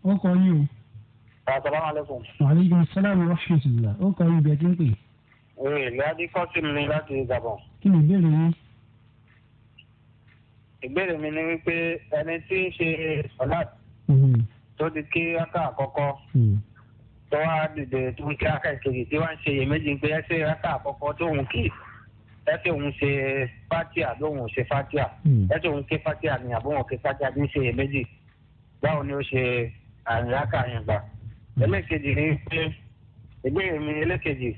ó kọ yín o. asalaamualeykum. maaleykum salaam wa rahmatulah ó kọ yín bẹ́ẹ̀ tí ń pè. ee ladi kọ́sìm ni láti gabon. kí ni ìbéèrè yín. ìbéèrè mi ni wípé ẹni tí ń ṣe ọ̀nà hmm. tó ti kí aka àkọ́kọ́. Hmm tó wá dìde tó ń kí akáìkiri tí wọ́n ń ṣe iyèméjì pé ẹsẹ̀ rákà àkọ́kọ́ tóun kì í ẹsẹ̀ òun ṣe fatia lóun ṣe fatia hmm. ẹsẹ̀ òun ké fatia ni àbóhùn ké fatia ní ṣe iyèméjì báwo ni ó ṣe àrùn rákà yẹn gbà hmm. ẹlẹ́kejì ni pé ìbéèrè mi ẹlẹ́kejì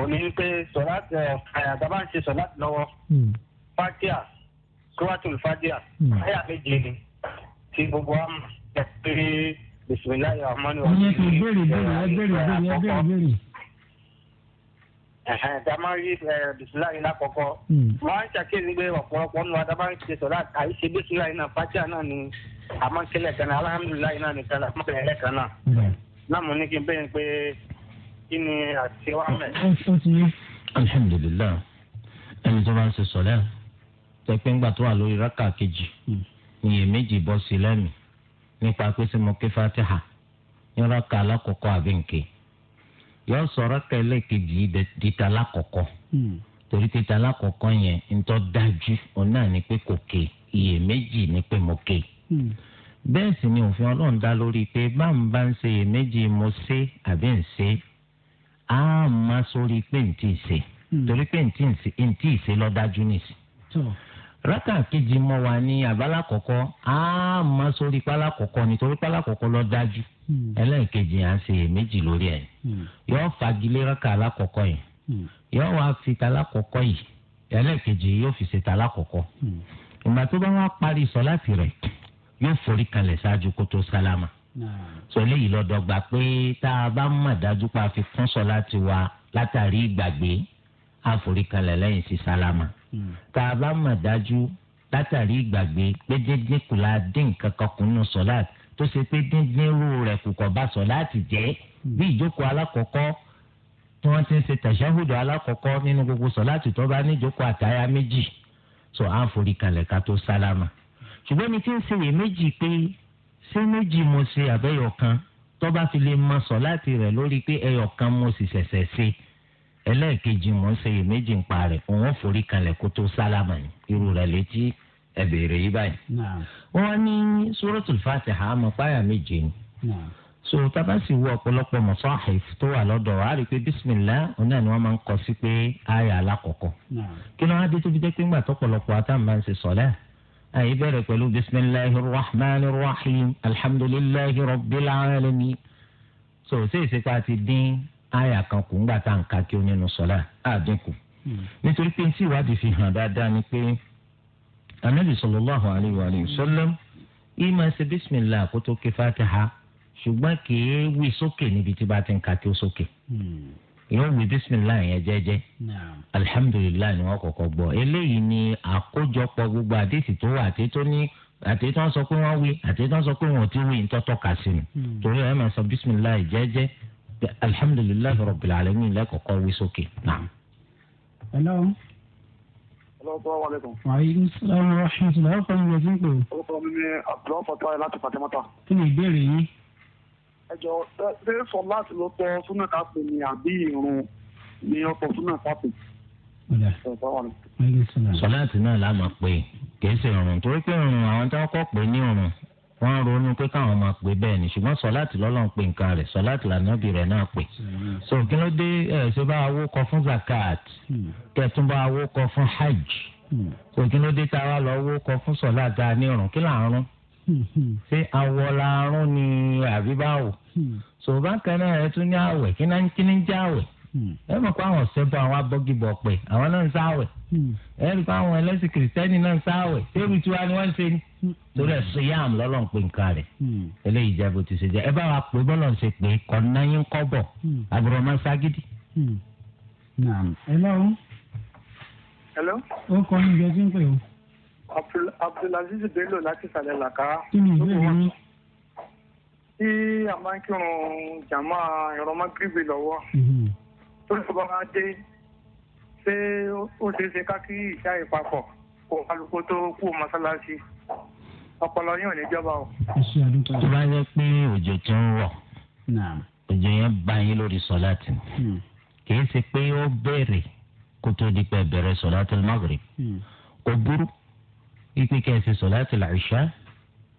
òní ń pé sọ̀láàtì àyàtọ̀ bá ń ṣe sọ̀láàtì lọ́wọ́ fatia kúrọ́tùl fatia ẹ̀yà méje ni tí gbogbo àmọ̀ ẹ̀ bisimilayi rahman rahim. ìyẹn kò béèrè béèrè ẹ béèrè béèrè ẹ béèrè béèrè. ẹ̀hẹ̀n damari bisimilayi lákọ̀ọ́kọ́ hmm. wọ́n á ń ṣàkíyèsí pé ọ̀pọ̀lọpọ̀ nù adamari ti sọ̀rọ̀ àìṣe bisimilayi náà fàtíà náà ni àmọ́kẹ́lẹ̀ kan náà alhamdulilayi náà nìkan náà àmọ́kẹ́lẹ̀ kan náà. náà mo ní kí n bẹ́ẹ̀ pé kí ni àtiwá mẹ́. tó bá ń ṣe sọ̀lẹ́ tẹ́pẹ́ ńgbà tó wà lórí rákà kejì hmm. ìyèméjì bọ́ sí lẹ́nu nípa pé sí mo ké fatiha ní raka alákọ̀ọ́kọ́ àbí nke yóò sọ raka ẹlẹ́ẹ̀kejì dìtà alákọ̀ọ́kọ́ hmm. torí dìtà alákọ̀ọ́kọ́ yẹn ńtọ́ dájú òun ni pé kò ké iyèméjì ni pé mo ké hmm. bẹ́ẹ̀ sì ni òfin ọlọ́run dá lórí pé bá ń bá ń ṣe iyèméjì mo ṣe àbí ń ṣe á máa sórí pé ń ṣe torí pé ń tí ì ṣe hmm. lọ́dájú rákà kejì mọ wa ní abala kọ̀kọ́ á má sórí pálá kọ̀kọ́ nítorí pálá kọ̀kọ́ lọ dájú hmm. ẹlẹ́ẹ̀kejì à ń ṣe èméjì lórí ẹ̀ hmm. yóò fagilé rákà alákọ̀kọ́ yìí hmm. yóò wá fi talákọ̀kọ́ yìí ẹlẹ́ẹ̀kejì yóò fi ṣe talákọ̀kọ́ ìgbà tó bá wá parí sọ̀láàtì rẹ̀ yóò forí kalẹ̀ ṣáájú kó tó sálámà sọ eléyìí ló pé tá a bá mọ̀ dájú pé fi kún sọ̀láàtì wa látàrí ìgbàgbé àforí kalẹ̀ lẹ́yìn sí sálámà tá a bá mà dájú látàrí ìgbàgbé pé dédé kù la dín nǹkan kan kù nù sọ́lá tó ṣe pé díndín rú rẹ̀ kù kọ̀ bá sọ́lá ti jẹ́ hmm. bí ìjókòó alákọ̀ọ́kọ́ tí wọ́n ti ń ṣe tàṣáhùdù alákọ̀ọ́kọ́ nínú gbogbo sọ́lá tó tọ́ bá níjókòó àtàyà méjì sọ à ń forí kalẹ̀ ká tó sálámà ṣùgbọ́n ní tí ń ṣe méjì pé ṣé méjì mo ṣe àbẹ́yọ̀ kan tó bá fi lè mọ sọ́lá rẹ̀ lórí pé ẹyọ̀ kan mo sì ṣẹ̀ṣẹ̀ ṣe ẹlẹ́ẹ̀kejì mò ń ṣe iyèméjì ń pa rẹ̀ òun forí kalẹ̀ kó tó sálámà ní irú rẹ̀ létí ẹ béèrè yìí báyìí. wọ́n ní suratul fatiha àmọ́ páyà méje ni. so tábà sì wo ọ̀pọ̀lọpọ̀ mọ̀sáhìf tó wà lọ́dọ̀ wa rí i pé bísímìlá ọ̀nà ni wọ́n máa ń kọ sí pé àyà alákọ̀ọ́kọ́. kí ló wá dé tó fi jẹ́ pé ńgbà tọ́pọ̀lọpọ̀ àtàǹbà so ṣé ìsèpá ti dín Aya kan kò ń gbà tá à ń ka kí ó nínú sọlá àdínkù hmm. nítorí pé tí ìwádìí fi hàn dáadáa ni pé anabi sallallahu alayhi wa sallam ìmọ̀ ṣe bísímìlá àkótó kí fatiha ṣùgbọ́n kì í wí sókè níbi tí bá ti ń ka kí ó sókè hmm. yóò wí bísímìlá yẹn jẹ́jẹ́ alihamudulilayi ni wọ́n kọ́kọ́ gbọ́ eléyìí ni àkójọpọ̀ gbogbo àdéhìí tó wà àti tó ní àti tí wọn sọ pé wọn wí àti tí wọn sọ pé wọn ò tí wí ntọ́tọ́ kà sí hmm. torí ẹ alhamdulilayi rabbil alamin lẹ́kọ̀ọ́kọ́ wí sókè náà. hello. hello salaam aleykum. maaleykum salaam wa rahmatulah ọkọ mi lọsí pé. orúkọ mi ni abdul fatah ayé láti fatimata. kí ni ìbéèrè yín. ẹ jọ ṣé sọ láti lọ tọ súnà kápẹ ni àbí irun ni ọkọ súnà kápẹ. sọláàtì náà la máa pè kì í ṣe ọrùn torí pé ọrùn àwọn tí wọn kọ pé ní ọrùn wọ́n ronú pé káwọn máa pè bẹ́ẹ̀ ni ṣùgbọ́n sọláàtì lọ́lọ́run pè nǹkan rẹ̀ sọláàtì lànàbì rẹ̀ náà pè. so kí ló dé ẹ ṣe bá awó kọ fún zakat kẹtùn bá awó kọ fún hajj so kí ló dé tá a wá lọ owó kọ fún sọláàtì anírun kí là ṣé awọ la ni àbí báwo. so bákan náà ẹ tún ní àwẹ̀ kí náà kí ní jẹ́ ẹ mọ̀ pé àwọn ọ̀sẹ̀ bá àwọn abọ́gibọ̀ ọ̀pẹ àwọn náà ń sáwẹ̀ ẹ rí i pé àwọn ẹlẹ́sìn kìrìsìtẹ́nì náà ń sáwẹ̀ tẹ́rù tí wàá ni wọ́n ń ṣe ni torí ẹ̀ sọ́yàm lọ́lọ́n pé nǹkan rẹ̀ eléyìí jẹ́ bó ti ṣe jẹ́ ẹ bá wa pè bọ́lọ̀ ń ṣe pé kọ̀ọ̀náyín kọ́bọ̀ àbúrò máa ń ságídì. hello. ó kọ́ ní ìjọ tí ń pè ó. abdulaziz bello láti ìsàlẹ̀ làkàrà. kí ni ìbéèrè yín tí a máa ń kírun jàmá ìrọmọgíríbì lọ́wọ́ mhm tó lọ bá wá dé ṣé ó ṣeé ṣe ká kí ìṣá ìpapọ̀ kó kálukú tó kú mọ́ṣáláṣí ọpọlọ yín ò ní jọba o. tó bá yẹ pé òjò tó ń rọ̀ òjò yẹn bá yín lórí sọ́láàtì hmm. kì í ṣe pé ó bẹ̀rẹ̀ kó tó di pé bẹ̀rẹ̀ sọ́láàtì maghrib kò hmm. burú ipe kẹsì sọ́láàtì làṣà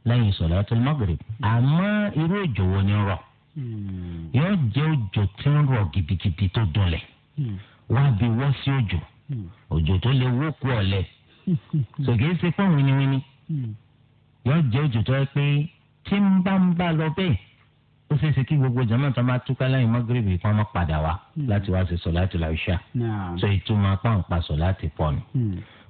lẹ́yìn sọ́láàtì maghrib hmm. àmọ́ irú òjò wo ni rọ̀. Hmm. yóò jẹ́ òjò tí ń rọ̀ gidigidi tó dunlẹ̀ hmm. wá bí wọ́ sí òjò hmm. òjò tó lè wó kú ọ̀lẹ̀ sòkè é ṣe pọ̀ wíníwíní yóò jẹ́ òjò tó yẹ pé tí ń bá ń bá lọ bẹ́ẹ̀ ó ṣeé ṣe kí gbogbo jama tó máa túká lẹ́yìn mọ́gírìbì kan máa padà wá láti wá ṣe sọ̀láàtì láìṣà sọ ìtumọ̀ pàǹpà sọ̀láàtì pọ̀ nù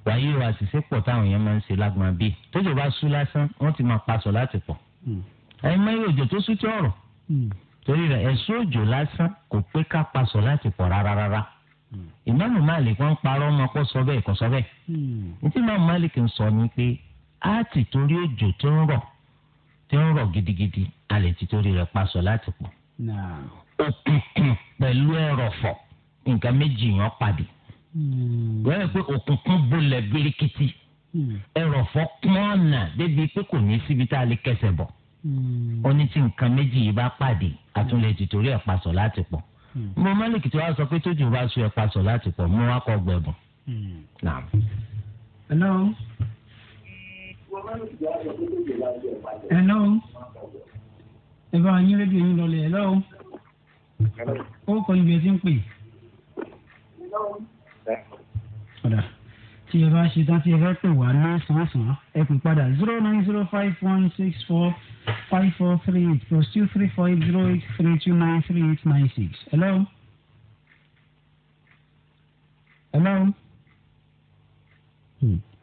wáyé wa àṣìṣe pọ̀ táwọn èèyàn máa ń ṣe lágbọ́n bíi tójò bá sú lásán wọ́n ti máa pa sọ̀láàtì pọ̀ ẹ̀yin mẹ́rin òjò tó sú tí ọ̀rọ̀ Hmm. torí rẹ̀ ẹ̀sùn òjò lásán kò pé ká paṣọ láti pọ̀ rárá rárá hmm. ìmáàmù Malik wọn parọ́ ọmọ kó sọ bẹ́ẹ̀ kó sọ bẹ́ẹ̀ ntí hmm. ìmáàmù kì sọ ni pé a ti torí òjò tó ń rọ tó ń gidigidi a lè ti torí rẹ paṣọ láti pọ̀ òkùnkùn pẹ̀lú ẹ̀rọ̀fọ̀ nǹkan méjì yàn pàdé wọ́n yẹ birikiti Ẹrọfọ kún ọ̀nà débi pé kò ní síbi Hmm. ó ní tí nǹkan méjì yìí bá pàdé àtúnlẹ̀ tìtorí ẹ̀ pa sọ̀ láti pọ̀ hmm. mo málìkì tí wàá sọ pé tójú bá sọ ẹ̀ pa sọ̀ láti pọ̀ mo wá kọ́ gbẹ̀bùn. Hmm. hello. hello. ẹ bá yín rédíò yín lọlẹ̀ hello. ó kọ ibi ẹ ti ń pè. tí ẹ bá ṣe tán tí ẹ fẹ́ pè wá ní sàn-án sàn-án ẹ pè padà zero nine zero five one six four five four three eight plus two three four eight zero eight three two nine three eight nine six. Hello. Hello.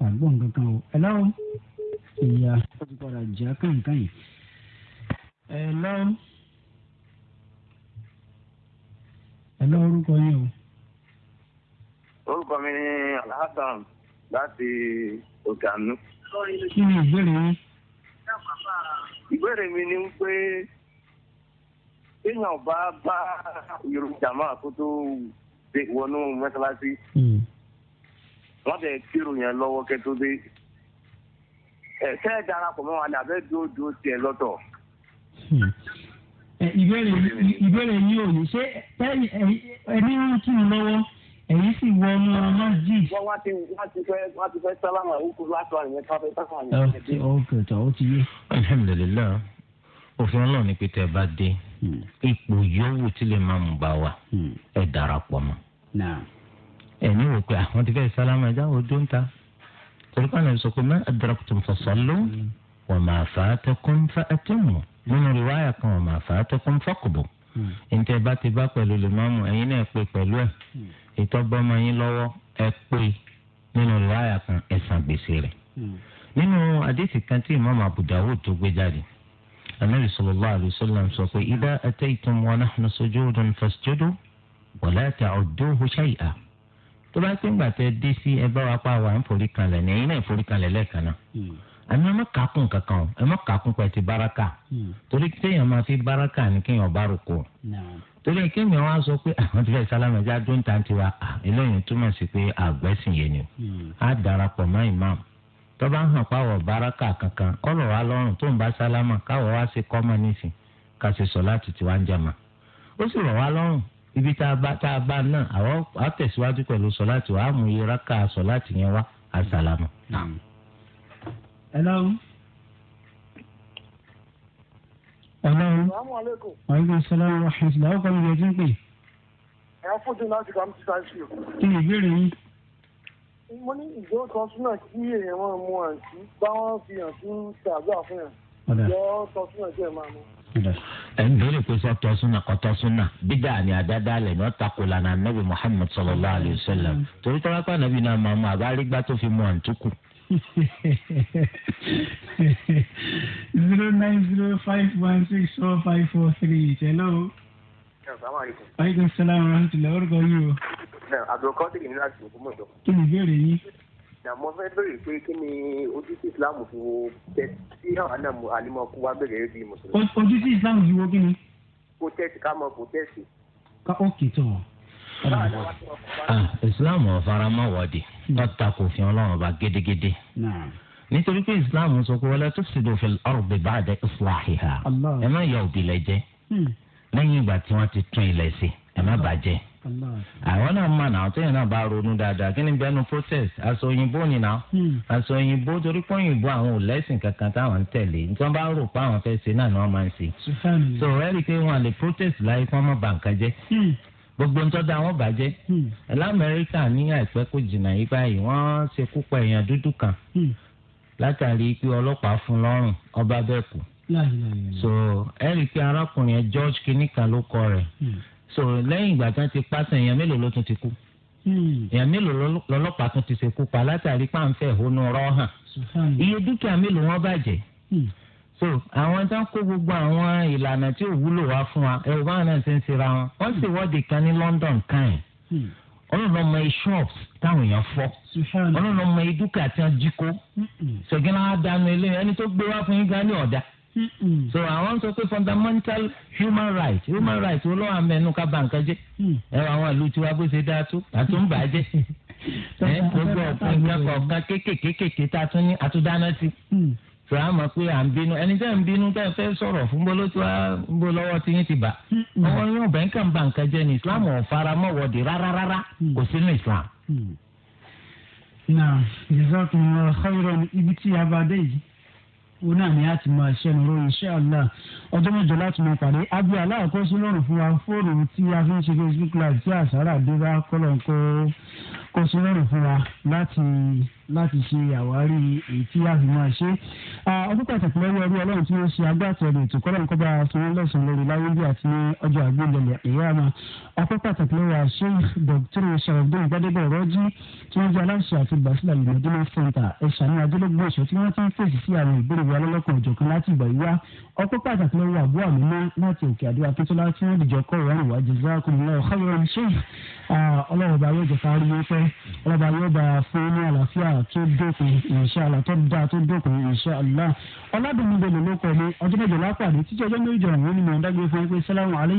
Àgbọ̀n kankan o. Hello. Ìyá ó ti padà já kàǹkàn yìí. Hello. Hello orúkọ yín o. Orúkọ mi ni Alhassan láti Òkè Àánú. Kí ni ìbéèrè yín? ìbéèrè mi ni pé téèyàn bá bá èròjà máa kó tó wọnú mọ́sálásí hmm. wọ́n bẹ̀ kírun yẹn lọ́wọ́ kẹ́ tó dé ẹ̀ fẹ́ darapọ̀ mọ́ wa ni àbẹ́ dúró dúró tiẹ̀ lọ́tọ̀ hmm. ìbéèrè yìí ò ní ṣe ẹni ń kí mi lọ́wọ́ èyí sì wọ ọmọ ọmọ jì. wọ́n wá ti wá ti fẹ́ wá ti fẹ́ sálámà òkú láti wà nìyẹn káfẹ́ sálámà nìyẹn. ọkẹ ọkẹ tó o ti yé. alhamdulilayi òfin Ọlọ́run ni pété bá dé hmm. ipò yòówù tí lè máa mú bá wa hmm. ẹ darapọ̀ mọ́. ẹ̀yin wò pé àwọn ah, ti fẹ́ sálámà ẹ̀dá ojú ń ta torípa náà sọ pé mẹ́rin adarakùtùm fasallu wa ma fatakum fa atimmu nínú riwaya kan wa ma fatakum faqbu. Hmm. ǹtẹ́ bá ti máa mú ẹ̀yin náà pé ìtọ́gbọ́mọ yín lọ́wọ́ ẹ pé nínú láyà kan ẹ san gbèsè rẹ̀. Hmm. nínú àdéhì kan tí ìmáàmù Abu Dawud tó gbé jáde anabi sallallahu alayhi wa sallam sọ pé idha ataytum wa nahnu sujudun fasjudu wa la ta'udduhu shay'a tó bá pín gbàtẹ dé sí ẹ bá wa pa wà ń forí kanlẹ̀ ní ẹ̀yin náà forí kanlẹ̀ lẹ́ẹ̀kan náà hmm. àmì ẹ má kankan o ẹ má kàákùn báraka hmm. torí téèyàn máa fi báraka ní kéèyàn bá rò kó torí kéèmì wọn sọ pé àwọn tí fẹẹ sálámẹjá dóńtà ti wa ah, eléyìí túmọ̀ sí pé àgbẹ̀sìn yẹn ni á hmm. darapọ̀ mọ́ imam tọ́ba ń hàn pàwọ̀ baraka kankan ọ̀rọ̀ wa lọ́rùn tó ń bá sálámà káwọ̀ wá sí kọ́mọ nísìn ká sì sọ láti tiwa ń ó sì rọ̀ wá lọ́rùn ibi tá a bá náà pẹ̀lú sọ láti Ọlọ́run. Salaamaleykum. Aleykum salaam wa rahmatulah. Ọkọ mi yẹ ti ń pè. Ẹ̀yà fòdì láti kà ń ti sáà ṣe. Kí ni ìbéèrè yín? Mo ní ìjọ kan súnà kí èèyàn máa mu àǹtí bá wọn fi àǹtí ṣàdúrà fún yàn. Ìjọ kan súnà kí ẹ máa mu. Ẹ ń béèrè pé sọ tọ́súnà kọ́ tọ́súnà bídà ni àdáda lẹ̀ ní ọ̀tà kò lànà nàbì Mùhàmmad sallallahu alayhi mm. torí tọ́lápá nàbì náà máa mú àbárígbá tó fi mu àǹtí zero nine zero five one six four five four three hello. hello. aleykum salaam wa rahmatulah orúkọ yìí o. abdulkadir ní láti òkú mọ̀jọ. kí ni ìbéèrè yín. na mo fẹ́ bèrè pé kí ni ojúṣe ìsìláàmù fi wo tẹ́tí sí àwọn àna àlìmọ̀kú wa bẹ̀rẹ̀ bí mùsùlùmí. ojúṣe ìsìláàmù fi wo kí ni. kò tẹ́tí ká mọ kò tẹ́tí. ká ó kì í tọ̀ Ah, islam ọ̀farama wọ̀de lọ́ta kò fi ọlọ́run ọba gedegede nítorí pé islam sọ pé wala tufsidu fil ardi islahi ha ẹ má yọ òbílẹ̀ jẹ́ hmm. lẹ́yìn ìgbà tí ti tún ilẹ̀ si ẹ má àwọn náà mọ̀ náà tẹ́yìn náà bá ronú dáadáa kí ni bẹ́ẹ̀ process aṣọ òyìnbó ni hmm. aṣọ òyìnbó torí pé òyìnbó àwọn ò lẹ́sìn kankan táwọn ń tẹ̀lé tí so ẹ rí i pé wọn lè protest láyé kí wọ́n gbogbo ntọ́da wọn bàjẹ́ hmm. lamẹ́ríkà ní àìpẹ́ kò jìnnà yí báyìí wọ́n ṣe kúpa èèyàn dúdú kan hmm. látàrí pé ọlọ́pàá fún lọ́rùn ọba bẹ́ẹ̀ kú so ẹ̀rí pé arákùnrin ẹ̀ George kinní kan ló kọ rẹ̀ hmm. so lẹ́yìn ìgbà tán ti pàṣẹ èèyàn mélòó ló tún ti kú èèyàn mélòó lọ́lọ́pàá tún ti ṣekú pa látàrí pàǹfẹ́ ìhónú rọ́ hàn iye dúkìá mélòó wọn bàjẹ́ so àwọn tó ń kó gbogbo àwọn ìlànà tí ò wúlò wá fún wa ẹ̀rù báwọn náà ṣe ń ṣe ra wọn wọ́n sì wọ́de kan ní London kan yìí hmm. ọlọ́run ọmọ yìí shops táwọn èèyàn fọ́ ọlọ́run ọmọ yìí dúkìá tí wọ́n jí kó hmm, hmm. ṣọ̀gínà àdánù ilé ẹni tó gbé wá fún yín gan ní ọ̀dà so àwọn sọ pé fundamental human rights. human rights, wo ló wà mẹ́nu ká bá nǹkan jẹ́ ẹ̀rọ àwọn ìlú tiwa bó ṣe dáa tó àti ń bàjẹ́ ẹ̀ gbogbo ọ̀pọ̀ ìgbà kọ̀ọ̀kan kékèké tá a tún ní àtúndáná sí i sọ á mọ̀ pé à ń bínú ẹni tẹ́ ń bínú tẹ́ fẹ́ sọ̀rọ̀ fún bó ló ti wá ń bó lọ́wọ́ tí yín ti bà àwọn hmm. yóò bẹ́ẹ̀ kàn bá nǹkan jẹ́ ní islam ò fara mọ́ wọ̀dì rárá rárá hmm. kò sínú islam. Hmm. náà jazakumullahu khairan ibi tí a bá dé yìí wo náà ni a ti máa ṣẹnu ró insha Allah ọjọ́ mẹ́jọ láti máa pàdé abu aláàkóso lọ́rùn fún wa fóònù tí a fi ń ṣe facebook live tí àṣàrà dé bá kọ́lọ̀ ń kó kóso lọ́rùn fún wa láti láti ṣe àwárí èyí tí a fi máa ṣe. ọdún pàtàkì lọ́wọ́ ẹrú ọlọ́run tí ó ṣe agbátẹrù ètò kọ́lọ́n kọ́ba sanwó lẹ́sàn-án lórí láwùjọ àti ọjọ́ àgbélẹ̀lẹ̀ ìyá ma. ọdún pàtàkì lọ́wọ́ àṣẹ dr sharafdin gbadebo rọ́jí tí wọ́n jẹ́ aláṣẹ àti gbàsílẹ̀ lùmọ̀dúnmọ́ fẹ́ǹtà ẹ̀ṣánú adélógún ọ̀ṣọ́ tí wọ́n ti ń fèsì sí àwọn ìbéèrè wa lọ́lọ́kan òjọ̀kan láti ìgbà yíwá ọpẹ́ pàtàkì lọ́wọ́ àbúrò àmúmọ́ láti òkè àdó akíntola tí wọ́n dìjọ́ kọ́ ọ̀rọ̀ àrùn tí ó dópin ìṣàlá tó dáa tó dópin ìṣàlá ọ̀làdùnmí bẹ̀rẹ̀ ló kọ́ ní ọjọ́ mẹ́jọ lápàdé títí ọjọ́ méjì ọ̀hún ni mọ̀ ń dágbé fún ẹgbẹ́ sálámù alẹ́